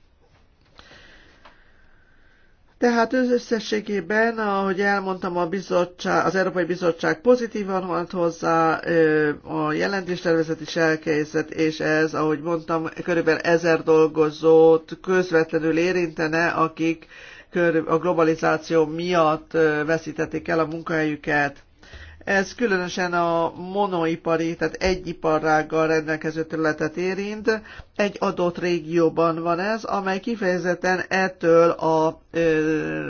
Tehát összességében, ahogy elmondtam, a bizottság, az Európai Bizottság pozitívan volt hozzá, a jelentéstervezet is elkészített, és ez, ahogy mondtam, körülbelül ezer dolgozót közvetlenül érintene, akik a globalizáció miatt veszítették el a munkahelyüket. Ez különösen a monoipari, tehát egy iparággal rendelkező területet érint. Egy adott régióban van ez, amely kifejezetten ettől a,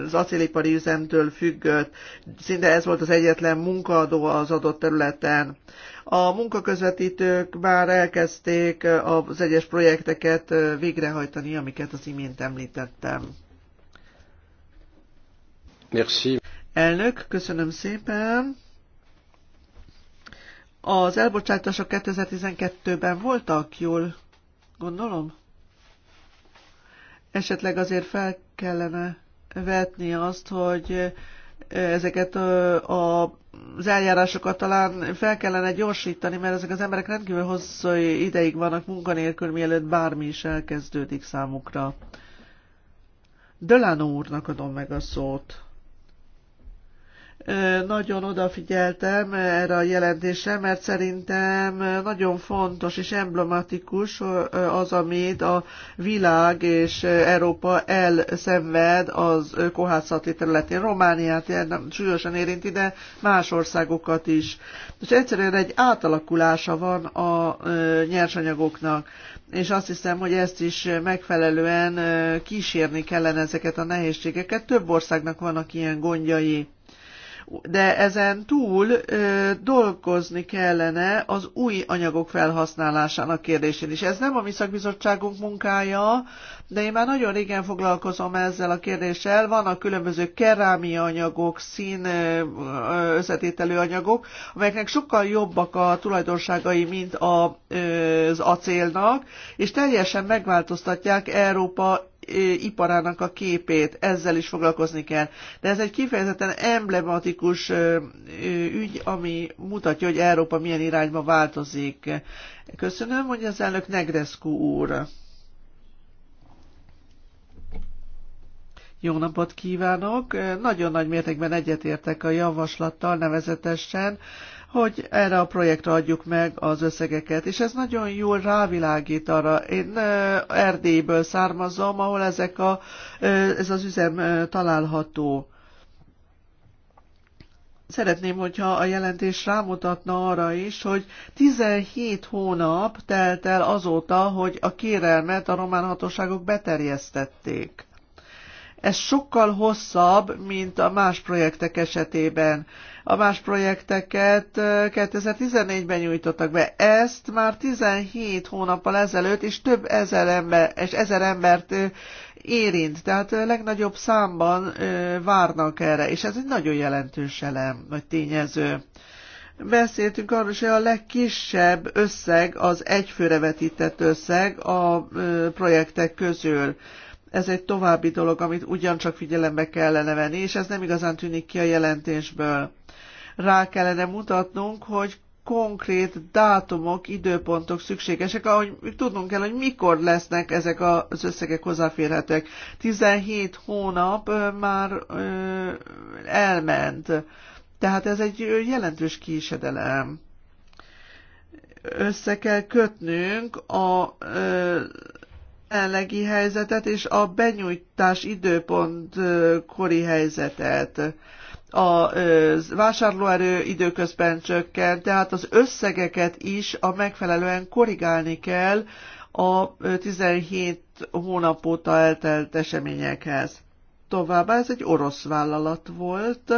az acélipari üzemtől függött. Szinte ez volt az egyetlen munkaadó az adott területen. A munkaközvetítők már elkezdték az egyes projekteket végrehajtani, amiket az imént említettem. Merci. Elnök, köszönöm szépen. Az elbocsátások 2012-ben voltak jól, gondolom? Esetleg azért fel kellene vetni azt, hogy ezeket a az eljárásokat talán fel kellene gyorsítani, mert ezek az emberek rendkívül hosszú ideig vannak munkanélkül, mielőtt bármi is elkezdődik számukra. Delano úrnak adom meg a szót nagyon odafigyeltem erre a jelentésre, mert szerintem nagyon fontos és emblematikus az, amit a világ és Európa elszenved az kohászati területén. Romániát nem súlyosan érinti, de más országokat is. És egyszerűen egy átalakulása van a nyersanyagoknak és azt hiszem, hogy ezt is megfelelően kísérni kellene ezeket a nehézségeket. Több országnak vannak ilyen gondjai de ezen túl ö, dolgozni kellene az új anyagok felhasználásának kérdésén is. Ez nem a mi szakbizottságunk munkája, de én már nagyon régen foglalkozom ezzel a kérdéssel. Vannak különböző kerámia anyagok, szín összetételő anyagok, amelyeknek sokkal jobbak a tulajdonságai, mint a, az acélnak, és teljesen megváltoztatják Európa iparának a képét, ezzel is foglalkozni kell. De ez egy kifejezetten emblematikus ügy, ami mutatja, hogy Európa milyen irányba változik. Köszönöm, hogy az elnök Negrescu úr. Jó napot kívánok! Nagyon nagy mértékben egyetértek a javaslattal, nevezetesen hogy erre a projektre adjuk meg az összegeket. És ez nagyon jól rávilágít arra. Én Erdélyből származom, ahol ezek a, ez az üzem található. Szeretném, hogyha a jelentés rámutatna arra is, hogy 17 hónap telt el azóta, hogy a kérelmet a román hatóságok beterjesztették. Ez sokkal hosszabb, mint a más projektek esetében a más projekteket 2014-ben nyújtottak be. Ezt már 17 hónappal ezelőtt, és több ezer, ember, és ezer embert érint, tehát legnagyobb számban várnak erre, és ez egy nagyon jelentős elem, vagy tényező. Beszéltünk arról hogy a legkisebb összeg az egyfőre vetített összeg a projektek közül. Ez egy további dolog, amit ugyancsak figyelembe kellene venni, és ez nem igazán tűnik ki a jelentésből rá kellene mutatnunk, hogy konkrét dátumok, időpontok szükségesek, ahogy tudnunk kell, hogy mikor lesznek ezek az összegek hozzáférhetek. 17 hónap már elment, tehát ez egy jelentős késedelem. Össze kell kötnünk a jelenlegi helyzetet és a benyújtás időpont kori helyzetet a vásárlóerő időközben csökken, tehát az összegeket is a megfelelően korrigálni kell a 17 hónap óta eltelt eseményekhez. Továbbá ez egy orosz vállalat volt,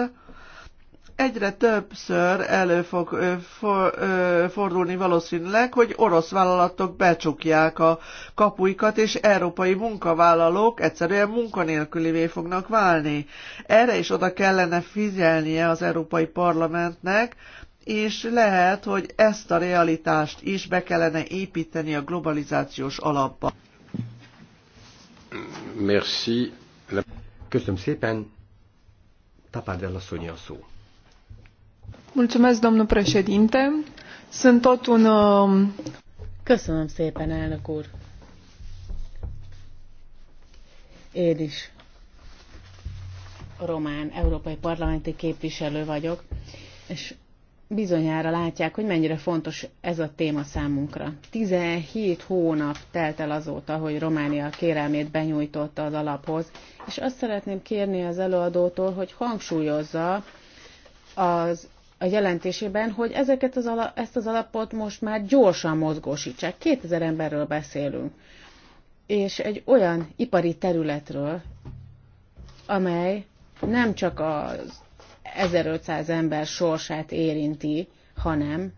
egyre többször elő fog fordulni valószínűleg, hogy orosz vállalatok becsukják a kapuikat, és európai munkavállalók egyszerűen munkanélkülivé fognak válni. Erre is oda kellene figyelnie az Európai Parlamentnek, és lehet, hogy ezt a realitást is be kellene építeni a globalizációs alapba. Merci. Köszönöm szépen. Tapárdel el a szó domnul președinte. Sunt tot un... Um, Köszönöm szépen, elnök úr. Én is román európai parlamenti képviselő vagyok, és bizonyára látják, hogy mennyire fontos ez a téma számunkra. 17 hónap telt el azóta, hogy Románia kérelmét benyújtotta az alaphoz, és azt szeretném kérni az előadótól, hogy hangsúlyozza az a jelentésében, hogy ezeket az ala, ezt az alapot most már gyorsan mozgósítsák. 2000 emberről beszélünk. És egy olyan ipari területről, amely nem csak az 1500 ember sorsát érinti, hanem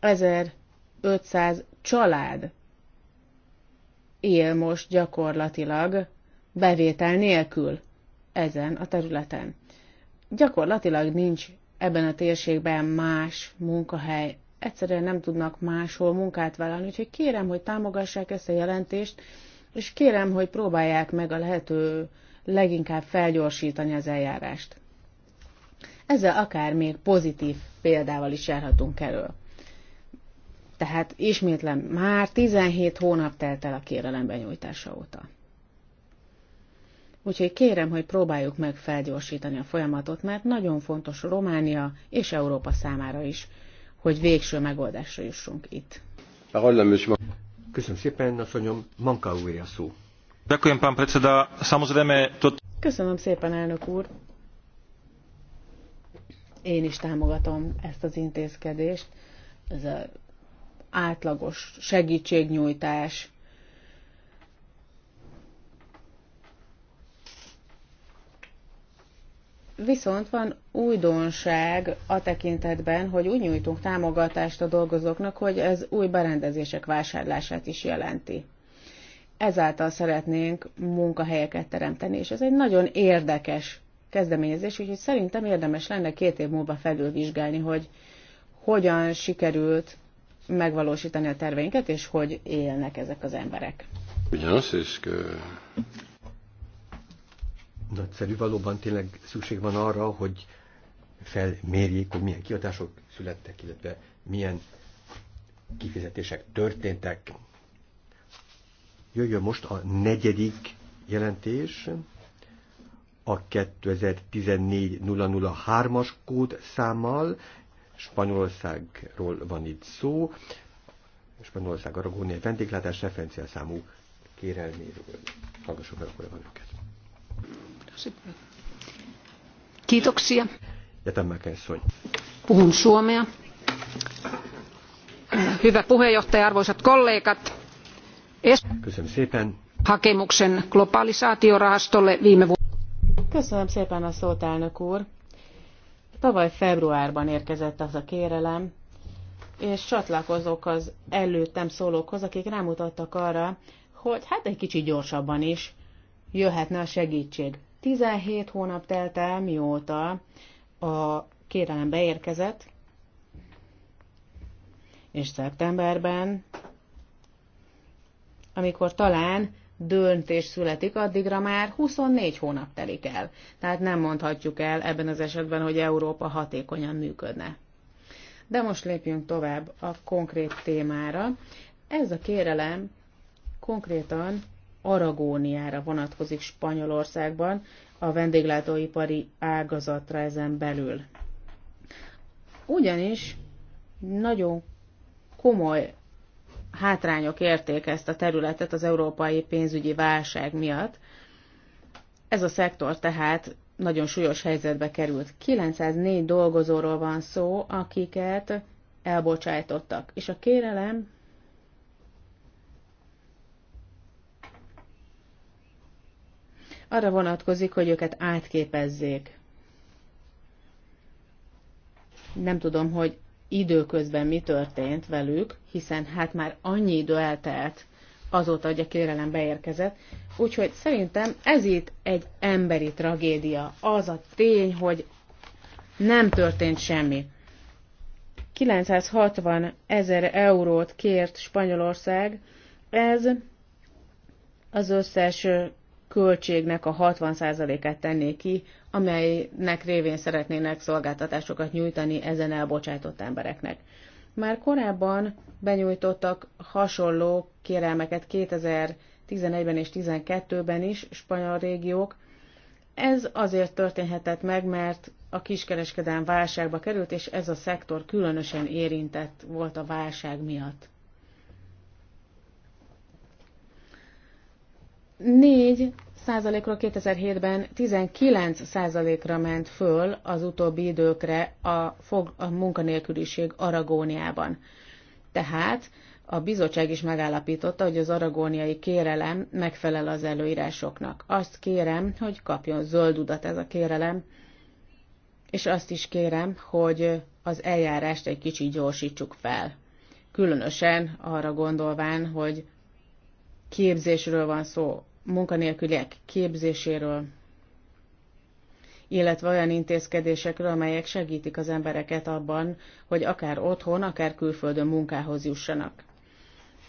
1500 család él most gyakorlatilag bevétel nélkül ezen a területen gyakorlatilag nincs ebben a térségben más munkahely. Egyszerűen nem tudnak máshol munkát vállalni, úgyhogy kérem, hogy támogassák ezt a jelentést, és kérem, hogy próbálják meg a lehető leginkább felgyorsítani az eljárást. Ezzel akár még pozitív példával is járhatunk elő. Tehát ismétlem, már 17 hónap telt el a kérelem benyújtása óta. Úgyhogy kérem, hogy próbáljuk meg felgyorsítani a folyamatot, mert nagyon fontos Románia és Európa számára is, hogy végső megoldásra jussunk itt. Köszönöm szépen, asszonyom, Manka úr a szó. Köszönöm szépen, elnök úr. Én is támogatom ezt az intézkedést. Ez az átlagos segítségnyújtás, Viszont van újdonság a tekintetben, hogy úgy nyújtunk támogatást a dolgozóknak, hogy ez új berendezések vásárlását is jelenti. Ezáltal szeretnénk munkahelyeket teremteni, és ez egy nagyon érdekes kezdeményezés, úgyhogy szerintem érdemes lenne két év múlva felülvizsgálni, hogy hogyan sikerült megvalósítani a terveinket, és hogy élnek ezek az emberek. Ugyanaz, és nagyszerű, valóban tényleg szükség van arra, hogy felmérjék, hogy milyen kiadások születtek, illetve milyen kifizetések történtek. Jöjjön most a negyedik jelentés, a 2014-003-as kód számmal, Spanyolországról van itt szó, Spanyolország Aragónia vendéglátás számú kérelméről. Hallgassuk meg akkor a őket. Kiitoksia. Ja tämä käsoi. Puhun suomea. Hyvä puheenjohtaja, arvoisat kollegat. Es- Kysyn szépen. Hakemuksen globalisaatiorahastolle viime vuonna. Köszönöm szépen a szót, elnök úr. Tavaly februárban érkezett az a kérelem, és csatlakozok az előttem szólókhoz, akik rámutattak arra, hogy hát egy kicsit gyorsabban is jöhetne a segítség. 17 hónap telt el, mióta a kérelem beérkezett, és szeptemberben, amikor talán döntés születik, addigra már 24 hónap telik el. Tehát nem mondhatjuk el ebben az esetben, hogy Európa hatékonyan működne. De most lépjünk tovább a konkrét témára. Ez a kérelem konkrétan Aragóniára vonatkozik Spanyolországban, a vendéglátóipari ágazatra ezen belül. Ugyanis nagyon komoly hátrányok érték ezt a területet az európai pénzügyi válság miatt. Ez a szektor tehát nagyon súlyos helyzetbe került. 904 dolgozóról van szó, akiket elbocsájtottak, és a kérelem arra vonatkozik, hogy őket átképezzék. Nem tudom, hogy időközben mi történt velük, hiszen hát már annyi idő eltelt azóta, hogy a kérelem beérkezett. Úgyhogy szerintem ez itt egy emberi tragédia. Az a tény, hogy nem történt semmi. 960 ezer eurót kért Spanyolország, ez az összes költségnek a 60%-át tenné ki, amelynek révén szeretnének szolgáltatásokat nyújtani ezen elbocsátott embereknek. Már korábban benyújtottak hasonló kérelmeket 2011-ben és 2012-ben is spanyol régiók. Ez azért történhetett meg, mert a kiskereskedelm válságba került, és ez a szektor különösen érintett volt a válság miatt. 4 százalékról 2007-ben 19 százalékra ment föl az utóbbi időkre a, fog, a munkanélküliség Aragóniában. Tehát a bizottság is megállapította, hogy az aragóniai kérelem megfelel az előírásoknak. Azt kérem, hogy kapjon zöld udat ez a kérelem, és azt is kérem, hogy az eljárást egy kicsit gyorsítsuk fel. Különösen arra gondolván, hogy képzésről van szó, munkanélküliek képzéséről, illetve olyan intézkedésekről, amelyek segítik az embereket abban, hogy akár otthon, akár külföldön munkához jussanak.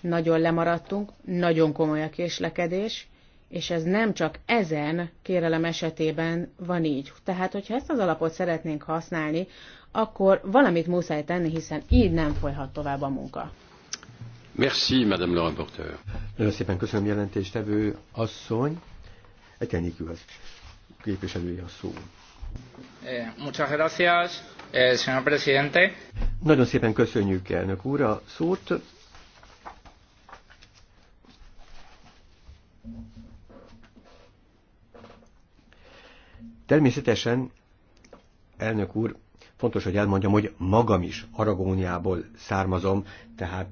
Nagyon lemaradtunk, nagyon komoly a késlekedés, és ez nem csak ezen kérelem esetében van így. Tehát, hogyha ezt az alapot szeretnénk használni, akkor valamit muszáj tenni, hiszen így nem folyhat tovább a munka. Merci, Madame le rapporteur. Nagyon szépen köszönöm jelentéstevő asszony. Ekenyik az képviselői a szó. Eh, muchas gracias, eh, señor presidente. Nagyon szépen köszönjük, elnök úr, a szót. Természetesen, elnök úr, fontos, hogy elmondjam, hogy magam is Aragóniából származom, tehát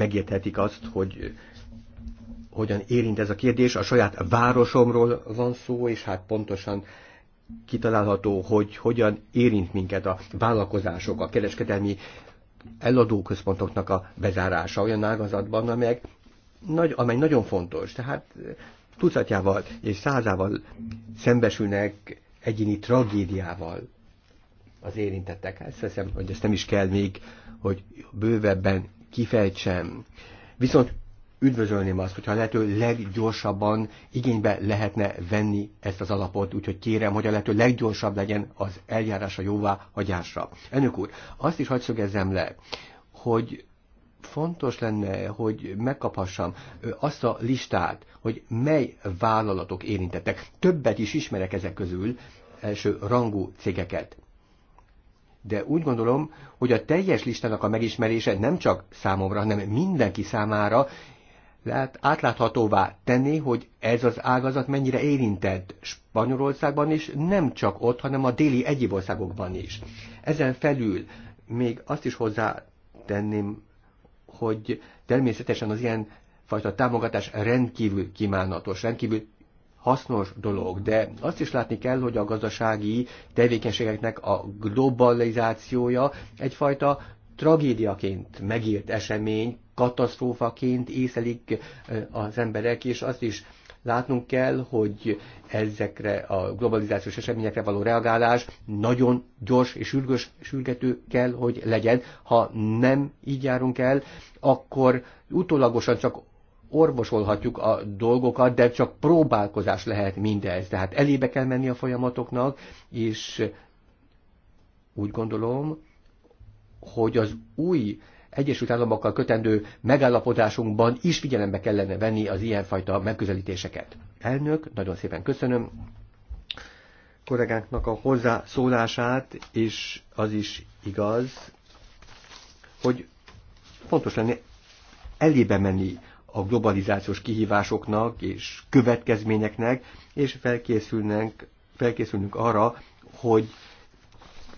megérthetik azt, hogy hogyan érint ez a kérdés. A saját városomról van szó, és hát pontosan kitalálható, hogy hogyan érint minket a vállalkozások, a kereskedelmi eladóközpontoknak a bezárása olyan ágazatban, amely nagy, amely nagyon fontos. Tehát tucatjával és százával szembesülnek egyéni tragédiával az érintettek. Ezt hiszem, hogy ezt nem is kell még, hogy bővebben kifejtsem. Viszont üdvözölném azt, hogyha lehető leggyorsabban igénybe lehetne venni ezt az alapot, úgyhogy kérem, hogy a lehető leggyorsabb legyen az eljárása jóvá hagyásra. Önök úr, azt is hagyd szögezzem le, hogy fontos lenne, hogy megkaphassam azt a listát, hogy mely vállalatok érintettek. Többet is ismerek ezek közül, első rangú cégeket de úgy gondolom, hogy a teljes listának a megismerése nem csak számomra, hanem mindenki számára lehet átláthatóvá tenni, hogy ez az ágazat mennyire érintett Spanyolországban is, nem csak ott, hanem a déli egyéb országokban is. Ezen felül még azt is hozzá tenném, hogy természetesen az ilyen fajta támogatás rendkívül kimánatos, rendkívül hasznos dolog, de azt is látni kell, hogy a gazdasági tevékenységeknek a globalizációja egyfajta tragédiaként megírt esemény, katasztrófaként észelik az emberek, és azt is látnunk kell, hogy ezekre a globalizációs eseményekre való reagálás nagyon gyors és sürgős, sürgető kell, hogy legyen. Ha nem így járunk el, akkor utólagosan csak orvosolhatjuk a dolgokat, de csak próbálkozás lehet mindez. Tehát elébe kell menni a folyamatoknak, és úgy gondolom, hogy az új Egyesült Államokkal kötendő megállapodásunkban is figyelembe kellene venni az ilyenfajta megközelítéseket. Elnök, nagyon szépen köszönöm kollégánknak a hozzászólását, és az is igaz, hogy fontos lenne elébe menni a globalizációs kihívásoknak és következményeknek, és felkészülnek, felkészülünk arra, hogy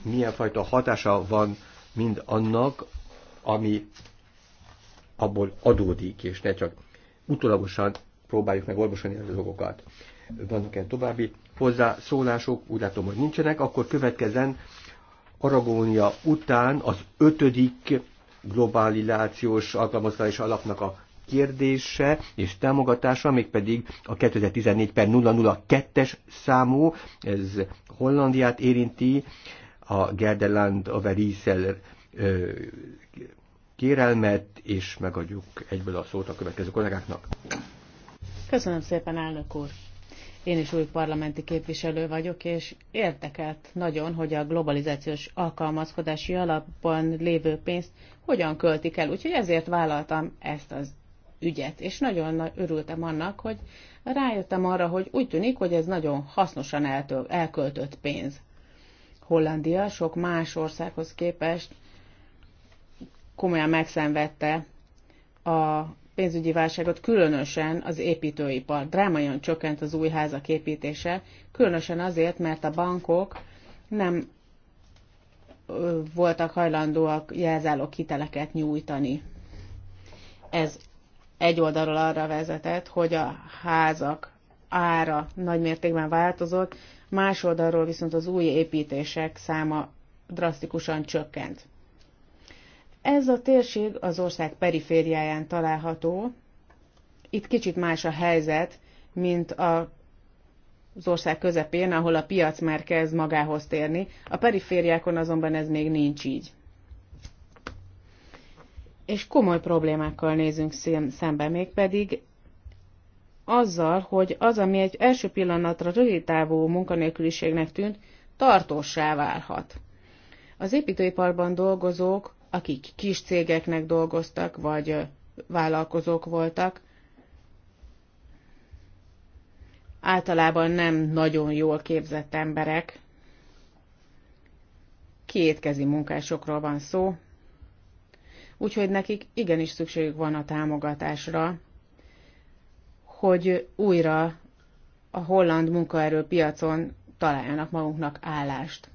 milyen fajta hatása van mind annak, ami abból adódik, és ne csak utólagosan próbáljuk meg orvosolni a dolgokat. Vannak-e további hozzászólások? Úgy látom, hogy nincsenek. Akkor következzen Aragónia után az ötödik globalizációs alkalmazás alapnak a kérdése és támogatása, mégpedig a 2014 per 002-es számú, ez Hollandiát érinti, a Gerdeland Overijssel kérelmet, és megadjuk egyből a szót a következő kollégáknak. Köszönöm szépen, elnök úr! Én is új parlamenti képviselő vagyok, és érdekelt nagyon, hogy a globalizációs alkalmazkodási alapban lévő pénzt hogyan költik el, úgyhogy ezért vállaltam ezt az ügyet, és nagyon örültem annak, hogy rájöttem arra, hogy úgy tűnik, hogy ez nagyon hasznosan eltöl, elköltött pénz. Hollandia sok más országhoz képest komolyan megszenvedte a pénzügyi válságot, különösen az építőipar. Drámaian csökkent az új házak építése, különösen azért, mert a bankok nem voltak hajlandóak jelzálók hiteleket nyújtani. Ez egy oldalról arra vezetett, hogy a házak ára nagymértékben változott, más oldalról viszont az új építések száma drasztikusan csökkent. Ez a térség az ország perifériáján található. Itt kicsit más a helyzet, mint a az ország közepén, ahol a piac már kezd magához térni, a perifériákon azonban ez még nincs így és komoly problémákkal nézünk szembe, mégpedig azzal, hogy az, ami egy első pillanatra rövid távú munkanélküliségnek tűnt, tartósá válhat. Az építőiparban dolgozók, akik kis cégeknek dolgoztak, vagy vállalkozók voltak, általában nem nagyon jól képzett emberek. Kétkezi munkásokról van szó, Úgyhogy nekik igenis szükségük van a támogatásra, hogy újra a holland munkaerőpiacon találjanak maguknak állást.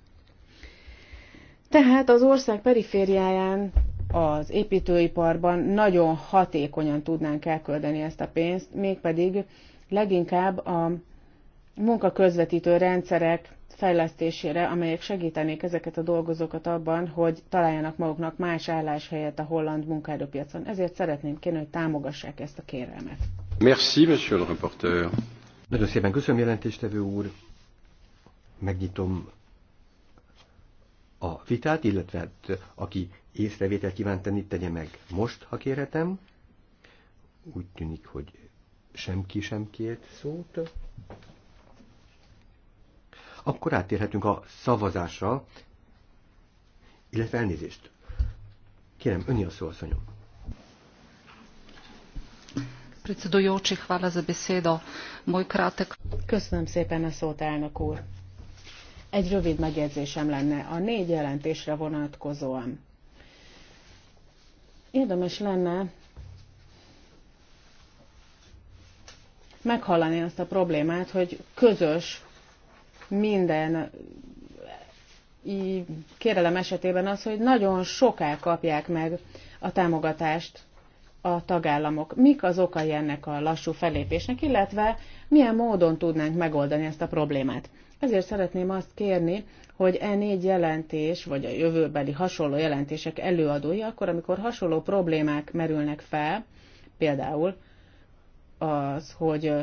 Tehát az ország perifériáján az építőiparban nagyon hatékonyan tudnánk elköldeni ezt a pénzt, mégpedig leginkább a munkaközvetítő rendszerek fejlesztésére, amelyek segítenék ezeket a dolgozókat abban, hogy találjanak maguknak más álláshelyet a holland munkaerőpiacon. Ezért szeretném kérni, hogy támogassák ezt a kérelmet. Merci, monsieur le reporter. Nagyon szépen köszönöm, jelentéstevő úr. Megnyitom a vitát, illetve hát, aki észrevételt kíván tenni, tegye meg most, ha kérhetem. Úgy tűnik, hogy semki sem kért szót. Akkor áttérhetünk a szavazásra, illetve elnézést. Kérem, öni a szó, asszonyom. Predsedujoči, hvala za besedo. Moj Köszönöm szépen a szót, elnök úr. Egy rövid megjegyzésem lenne a négy jelentésre vonatkozóan. Érdemes lenne meghallani azt a problémát, hogy közös minden kérelem esetében az, hogy nagyon soká kapják meg a támogatást a tagállamok. Mik az okai ennek a lassú felépésnek, illetve milyen módon tudnánk megoldani ezt a problémát. Ezért szeretném azt kérni, hogy e négy jelentés, vagy a jövőbeli hasonló jelentések előadói, akkor, amikor hasonló problémák merülnek fel, például az, hogy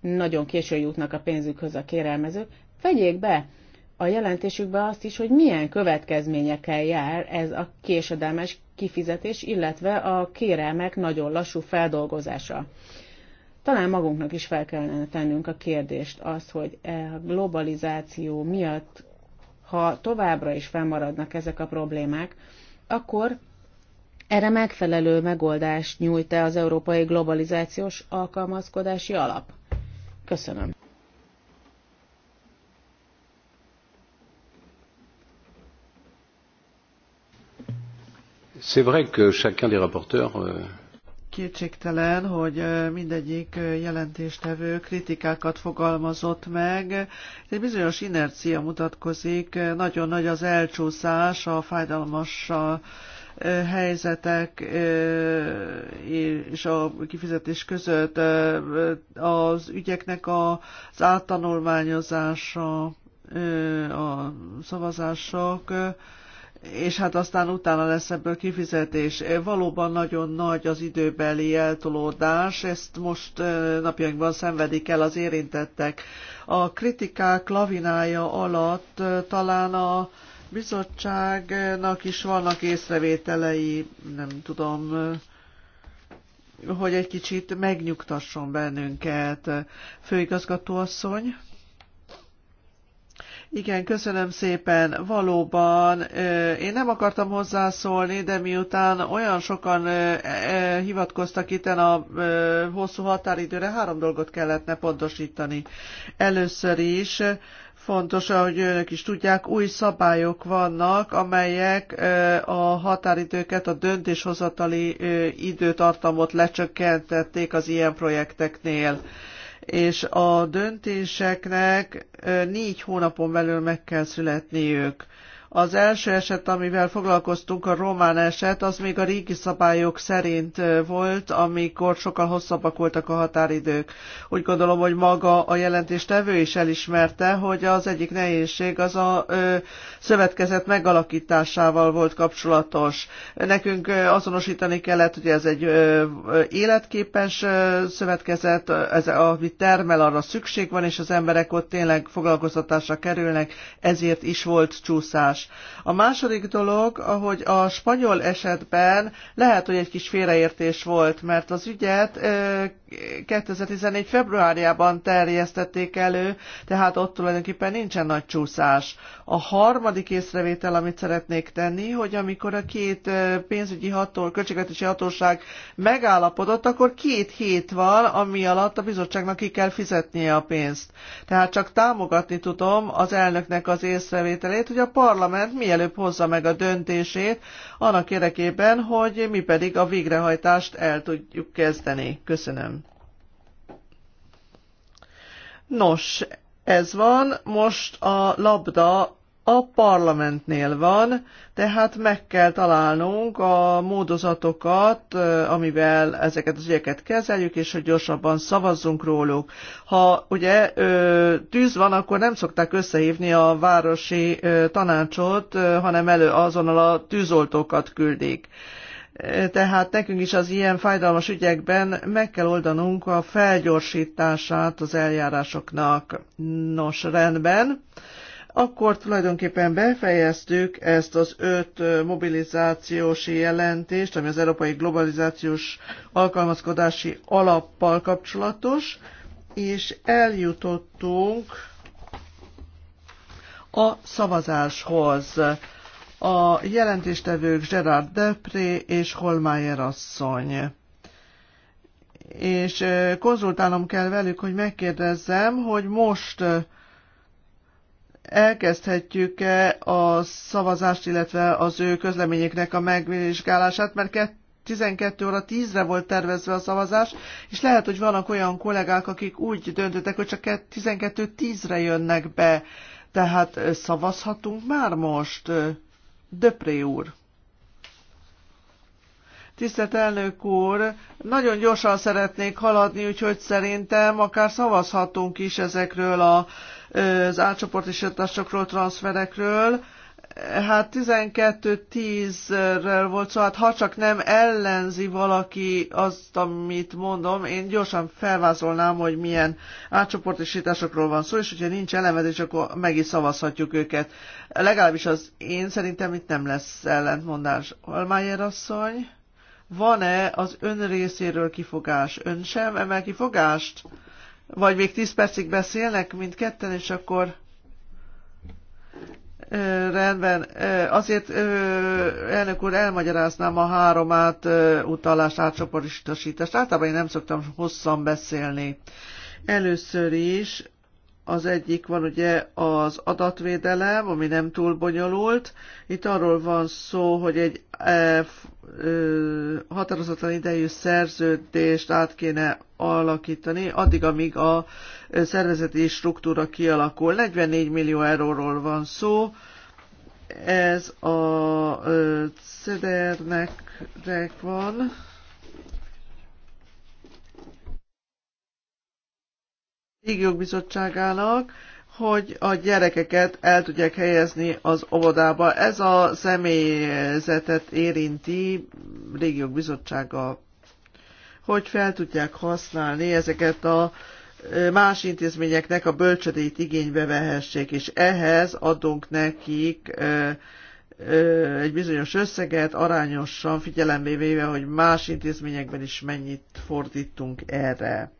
nagyon későn jutnak a pénzükhöz a kérelmezők, vegyék be a jelentésükbe azt is, hogy milyen következményekkel jár ez a késedelmes kifizetés, illetve a kérelmek nagyon lassú feldolgozása. Talán magunknak is fel kellene tennünk a kérdést az, hogy e a globalizáció miatt, ha továbbra is fennmaradnak ezek a problémák, akkor erre megfelelő megoldást nyújt-e az Európai Globalizációs Alkalmazkodási Alap? Köszönöm. C'est vrai que chacun des rapporteurs euh, Kétségtelen, hogy mindegyik jelentéstevő kritikákat fogalmazott meg. Egy bizonyos inercia mutatkozik, nagyon nagy az elcsúszás a fájdalmassal helyzetek és a kifizetés között az ügyeknek az áttanulmányozása, a szavazások, és hát aztán utána lesz ebből kifizetés. Valóban nagyon nagy az időbeli eltolódás, ezt most napjainkban szenvedik el az érintettek. A kritikák lavinája alatt talán a bizottságnak is vannak észrevételei, nem tudom, hogy egy kicsit megnyugtasson bennünket. Főigazgató asszony. Igen, köszönöm szépen. Valóban, én nem akartam hozzászólni, de miután olyan sokan hivatkoztak itt a hosszú határidőre, három dolgot kellettne pontosítani. Először is, fontos, ahogy önök is tudják, új szabályok vannak, amelyek a határidőket, a döntéshozatali időtartamot lecsökkentették az ilyen projekteknél és a döntéseknek négy hónapon belül meg kell születniük. Az első eset, amivel foglalkoztunk, a román eset, az még a régi szabályok szerint volt, amikor sokkal hosszabbak voltak a határidők. Úgy gondolom, hogy maga a jelentéstevő is elismerte, hogy az egyik nehézség az a ö, szövetkezet megalakításával volt kapcsolatos. Nekünk azonosítani kellett, hogy ez egy ö, életképes ö, szövetkezet, ez, ami termel, arra szükség van, és az emberek ott tényleg foglalkoztatásra kerülnek, ezért is volt csúszás más. A második dolog, ahogy a spanyol esetben lehet, hogy egy kis félreértés volt, mert az ügyet 2014. februárjában terjesztették elő, tehát ott tulajdonképpen nincsen nagy csúszás. A harmadik észrevétel, amit szeretnék tenni, hogy amikor a két pénzügyi ható, költségvetési hatóság megállapodott, akkor két hét van, ami alatt a bizottságnak ki kell fizetnie a pénzt. Tehát csak támogatni tudom az elnöknek az észrevételét, hogy a parlament parlament mielőbb hozza meg a döntését annak érdekében, hogy mi pedig a végrehajtást el tudjuk kezdeni. Köszönöm. Nos, ez van. Most a labda a parlamentnél van, tehát meg kell találnunk a módozatokat, amivel ezeket az ügyeket kezeljük, és hogy gyorsabban szavazzunk róluk. Ha ugye tűz van, akkor nem szokták összehívni a városi tanácsot, hanem elő azonnal a tűzoltókat küldik. Tehát nekünk is az ilyen fájdalmas ügyekben meg kell oldanunk a felgyorsítását az eljárásoknak. Nos, rendben akkor tulajdonképpen befejeztük ezt az öt mobilizációs jelentést, ami az Európai Globalizációs Alkalmazkodási Alappal kapcsolatos, és eljutottunk a szavazáshoz. A jelentéstevők Gerard Depré és Holmeyer asszony és konzultálnom kell velük, hogy megkérdezzem, hogy most elkezdhetjük-e a szavazást, illetve az ő közleményeknek a megvizsgálását, mert 12 óra 10-re volt tervezve a szavazás, és lehet, hogy vannak olyan kollégák, akik úgy döntöttek, hogy csak 12-10-re jönnek be. Tehát szavazhatunk már most? Döpré úr. Tisztelt elnök úr, nagyon gyorsan szeretnék haladni, úgyhogy szerintem akár szavazhatunk is ezekről a az átcsoportosításokról, transferekről, hát 12-10-ről volt szó, hát ha csak nem ellenzi valaki azt, amit mondom, én gyorsan felvázolnám, hogy milyen átcsoportosításokról van szó, és hogyha nincs elemetés, akkor meg is szavazhatjuk őket. Legalábbis az én szerintem itt nem lesz ellentmondás. Olmájer asszony, van-e az ön részéről kifogás? Ön sem emel kifogást? Vagy még 10 percig beszélnek mindketten, és akkor rendben. Azért elnök úr elmagyaráznám a három át utalás átcsoportosítást. Általában én nem szoktam hosszan beszélni. Először is az egyik van ugye az adatvédelem, ami nem túl bonyolult. Itt arról van szó, hogy egy e, határozatlan idejű szerződést át kéne alakítani, addig, amíg a szervezeti struktúra kialakul. 44 millió euróról van szó. Ez a CDR-nek van. régiók bizottságának, hogy a gyerekeket el tudják helyezni az óvodába. Ez a személyzetet érinti régiók bizottsága, hogy fel tudják használni ezeket a más intézményeknek a bölcsödét igénybe vehessék, és ehhez adunk nekik egy bizonyos összeget arányosan figyelembe véve, hogy más intézményekben is mennyit fordítunk erre.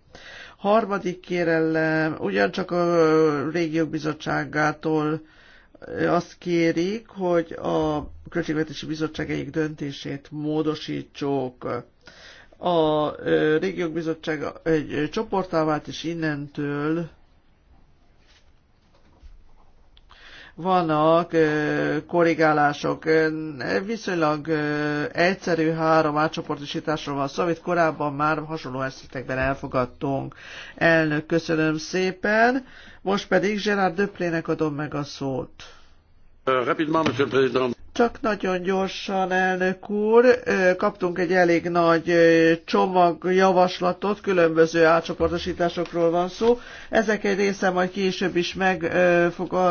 Harmadik kérelem, ugyancsak a régiók bizottságától azt kérik, hogy a Költségvetési Bizottság egyik döntését módosítsuk. A Régiók Bizottság egy csoportá vált, és innentől vannak korrigálások. Viszonylag egyszerű három átcsoportosításról van szó, amit korábban már hasonló esetekben elfogadtunk. Elnök, köszönöm szépen. Most pedig Gerard Döplének adom meg a szót. Rapidement, monsieur le président. Csak nagyon gyorsan, elnök úr, kaptunk egy elég nagy csomagjavaslatot, különböző átcsoportosításokról van szó. Ezek egy része majd később is meg fog a,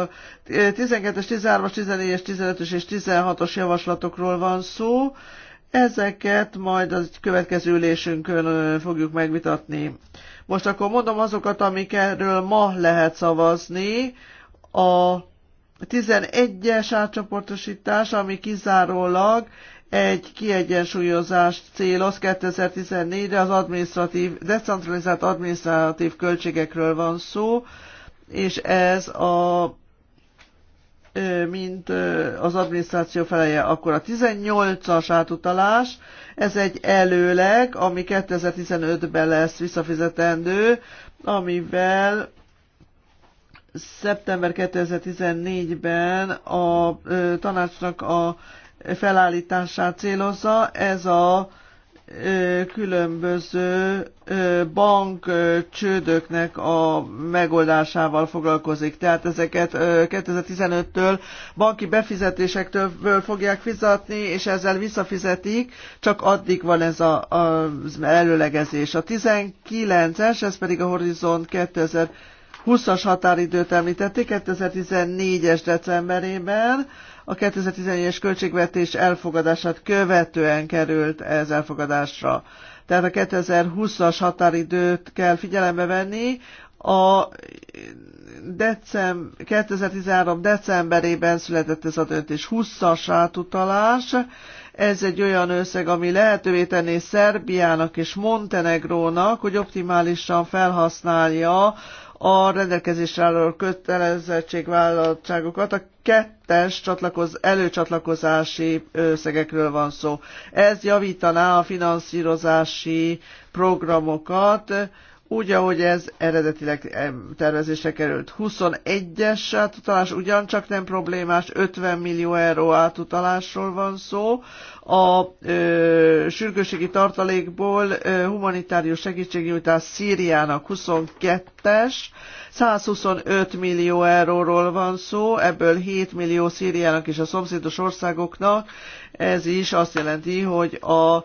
a 12-es, 13-as, 14-es, 15-ös és 16-os javaslatokról van szó. Ezeket majd a következő ülésünkön fogjuk megvitatni. Most akkor mondom azokat, amik erről ma lehet szavazni. A a 11-es átcsoportosítás, ami kizárólag egy kiegyensúlyozást céloz 2014-re az administratív decentralizált adminisztratív költségekről van szó, és ez a mint az adminisztráció feleje. Akkor a 18-as átutalás, ez egy előleg, ami 2015-ben lesz visszafizetendő, amivel szeptember 2014-ben a tanácsnak a felállítását célozza. Ez a különböző bank csődöknek a megoldásával foglalkozik. Tehát ezeket 2015-től banki befizetésektől fogják fizetni, és ezzel visszafizetik, csak addig van ez a, az előlegezés. A 19-es, ez pedig a Horizont 2000 20-as határidőt említették 2014-es decemberében, a 2014-es költségvetés elfogadását követően került ez elfogadásra. Tehát a 2020-as határidőt kell figyelembe venni, a decem, 2013. decemberében született ez a döntés 20-as átutalás. Ez egy olyan összeg, ami lehetővé tenné Szerbiának és Montenegrónak, hogy optimálisan felhasználja a rendelkezésre álló kötelezettségvállaltságokat. A kettes csatlakoz, előcsatlakozási összegekről van szó. Ez javítaná a finanszírozási programokat, úgy, ahogy ez eredetileg eh, tervezésre került. 21-es átutalás ugyancsak nem problémás, 50 millió euró átutalásról van szó. A ö, sürgőségi tartalékból ö, humanitárius segítségnyújtás Szíriának 22-es, 125 millió euróról van szó, ebből 7 millió Szíriának és a szomszédos országoknak. Ez is azt jelenti, hogy a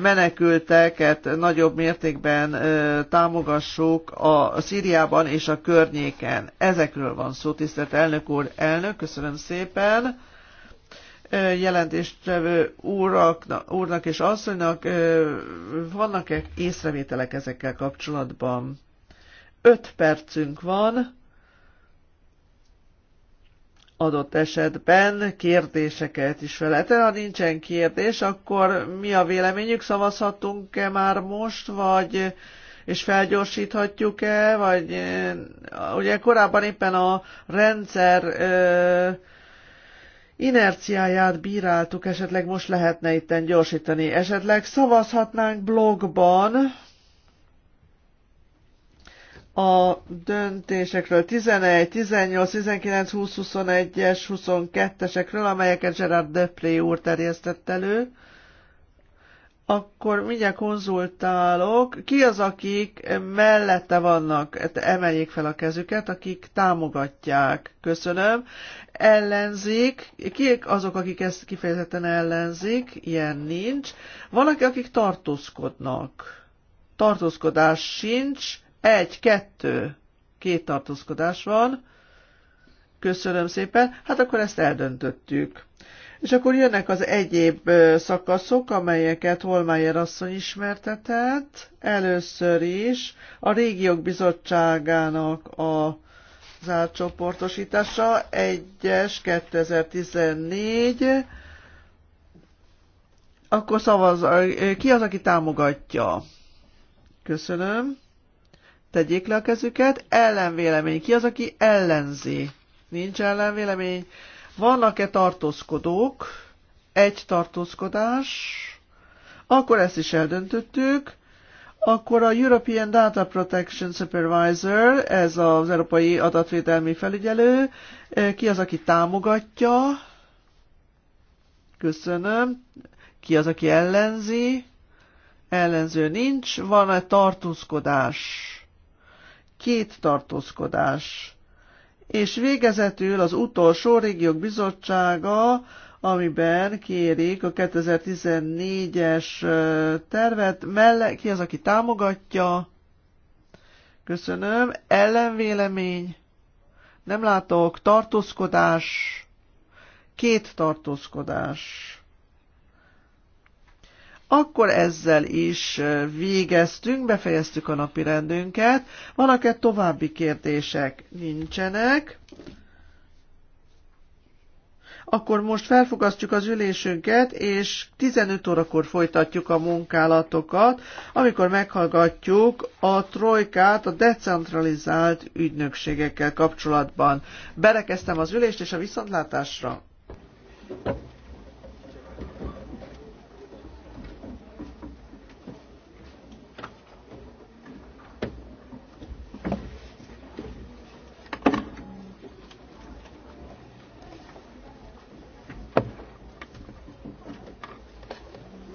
menekülteket nagyobb mértékben támogassuk a Szíriában és a környéken. Ezekről van szó, tisztelt elnök úr. Elnök, köszönöm szépen. Jelentéstevő úrak, úrnak és asszonynak vannak-e észrevételek ezekkel kapcsolatban? Öt percünk van adott esetben kérdéseket is fel lehet. Ha nincsen kérdés, akkor mi a véleményük? Szavazhatunk-e már most, vagy és felgyorsíthatjuk-e, vagy eh, ugye korábban éppen a rendszer ö, eh, inerciáját bíráltuk, esetleg most lehetne itten gyorsítani. Esetleg szavazhatnánk blogban, a döntésekről 11, 18, 19, 20, 21-es, 22-esekről, amelyeket Gerard Depré úr terjesztett elő, akkor mindjárt konzultálok. Ki az, akik mellette vannak? Hát emeljék fel a kezüket, akik támogatják. Köszönöm. Ellenzik. Kik azok, akik ezt kifejezetten ellenzik? Ilyen nincs. Vannak, akik tartózkodnak. Tartózkodás sincs egy, kettő, két tartózkodás van. Köszönöm szépen. Hát akkor ezt eldöntöttük. És akkor jönnek az egyéb szakaszok, amelyeket Holmeyer asszony ismertetett. Először is a Régiók Bizottságának a zárt 1-es 2014. Akkor szavaz, ki az, aki támogatja? Köszönöm tegyék le a kezüket. Ellenvélemény. Ki az, aki ellenzi? Nincs ellenvélemény. Vannak-e tartózkodók? Egy tartózkodás. Akkor ezt is eldöntöttük. Akkor a European Data Protection Supervisor, ez az Európai Adatvédelmi Felügyelő, ki az, aki támogatja? Köszönöm. Ki az, aki ellenzi? Ellenző nincs. Van-e tartózkodás? két tartózkodás. És végezetül az utolsó régiók bizottsága, amiben kérik a 2014-es tervet, melle, ki az, aki támogatja? Köszönöm. Ellenvélemény? Nem látok. Tartózkodás? Két tartózkodás akkor ezzel is végeztünk, befejeztük a napi rendünket. Vannak-e további kérdések? Nincsenek. Akkor most felfogasztjuk az ülésünket, és 15 órakor folytatjuk a munkálatokat, amikor meghallgatjuk a trojkát a decentralizált ügynökségekkel kapcsolatban. Berekeztem az ülést, és a viszontlátásra!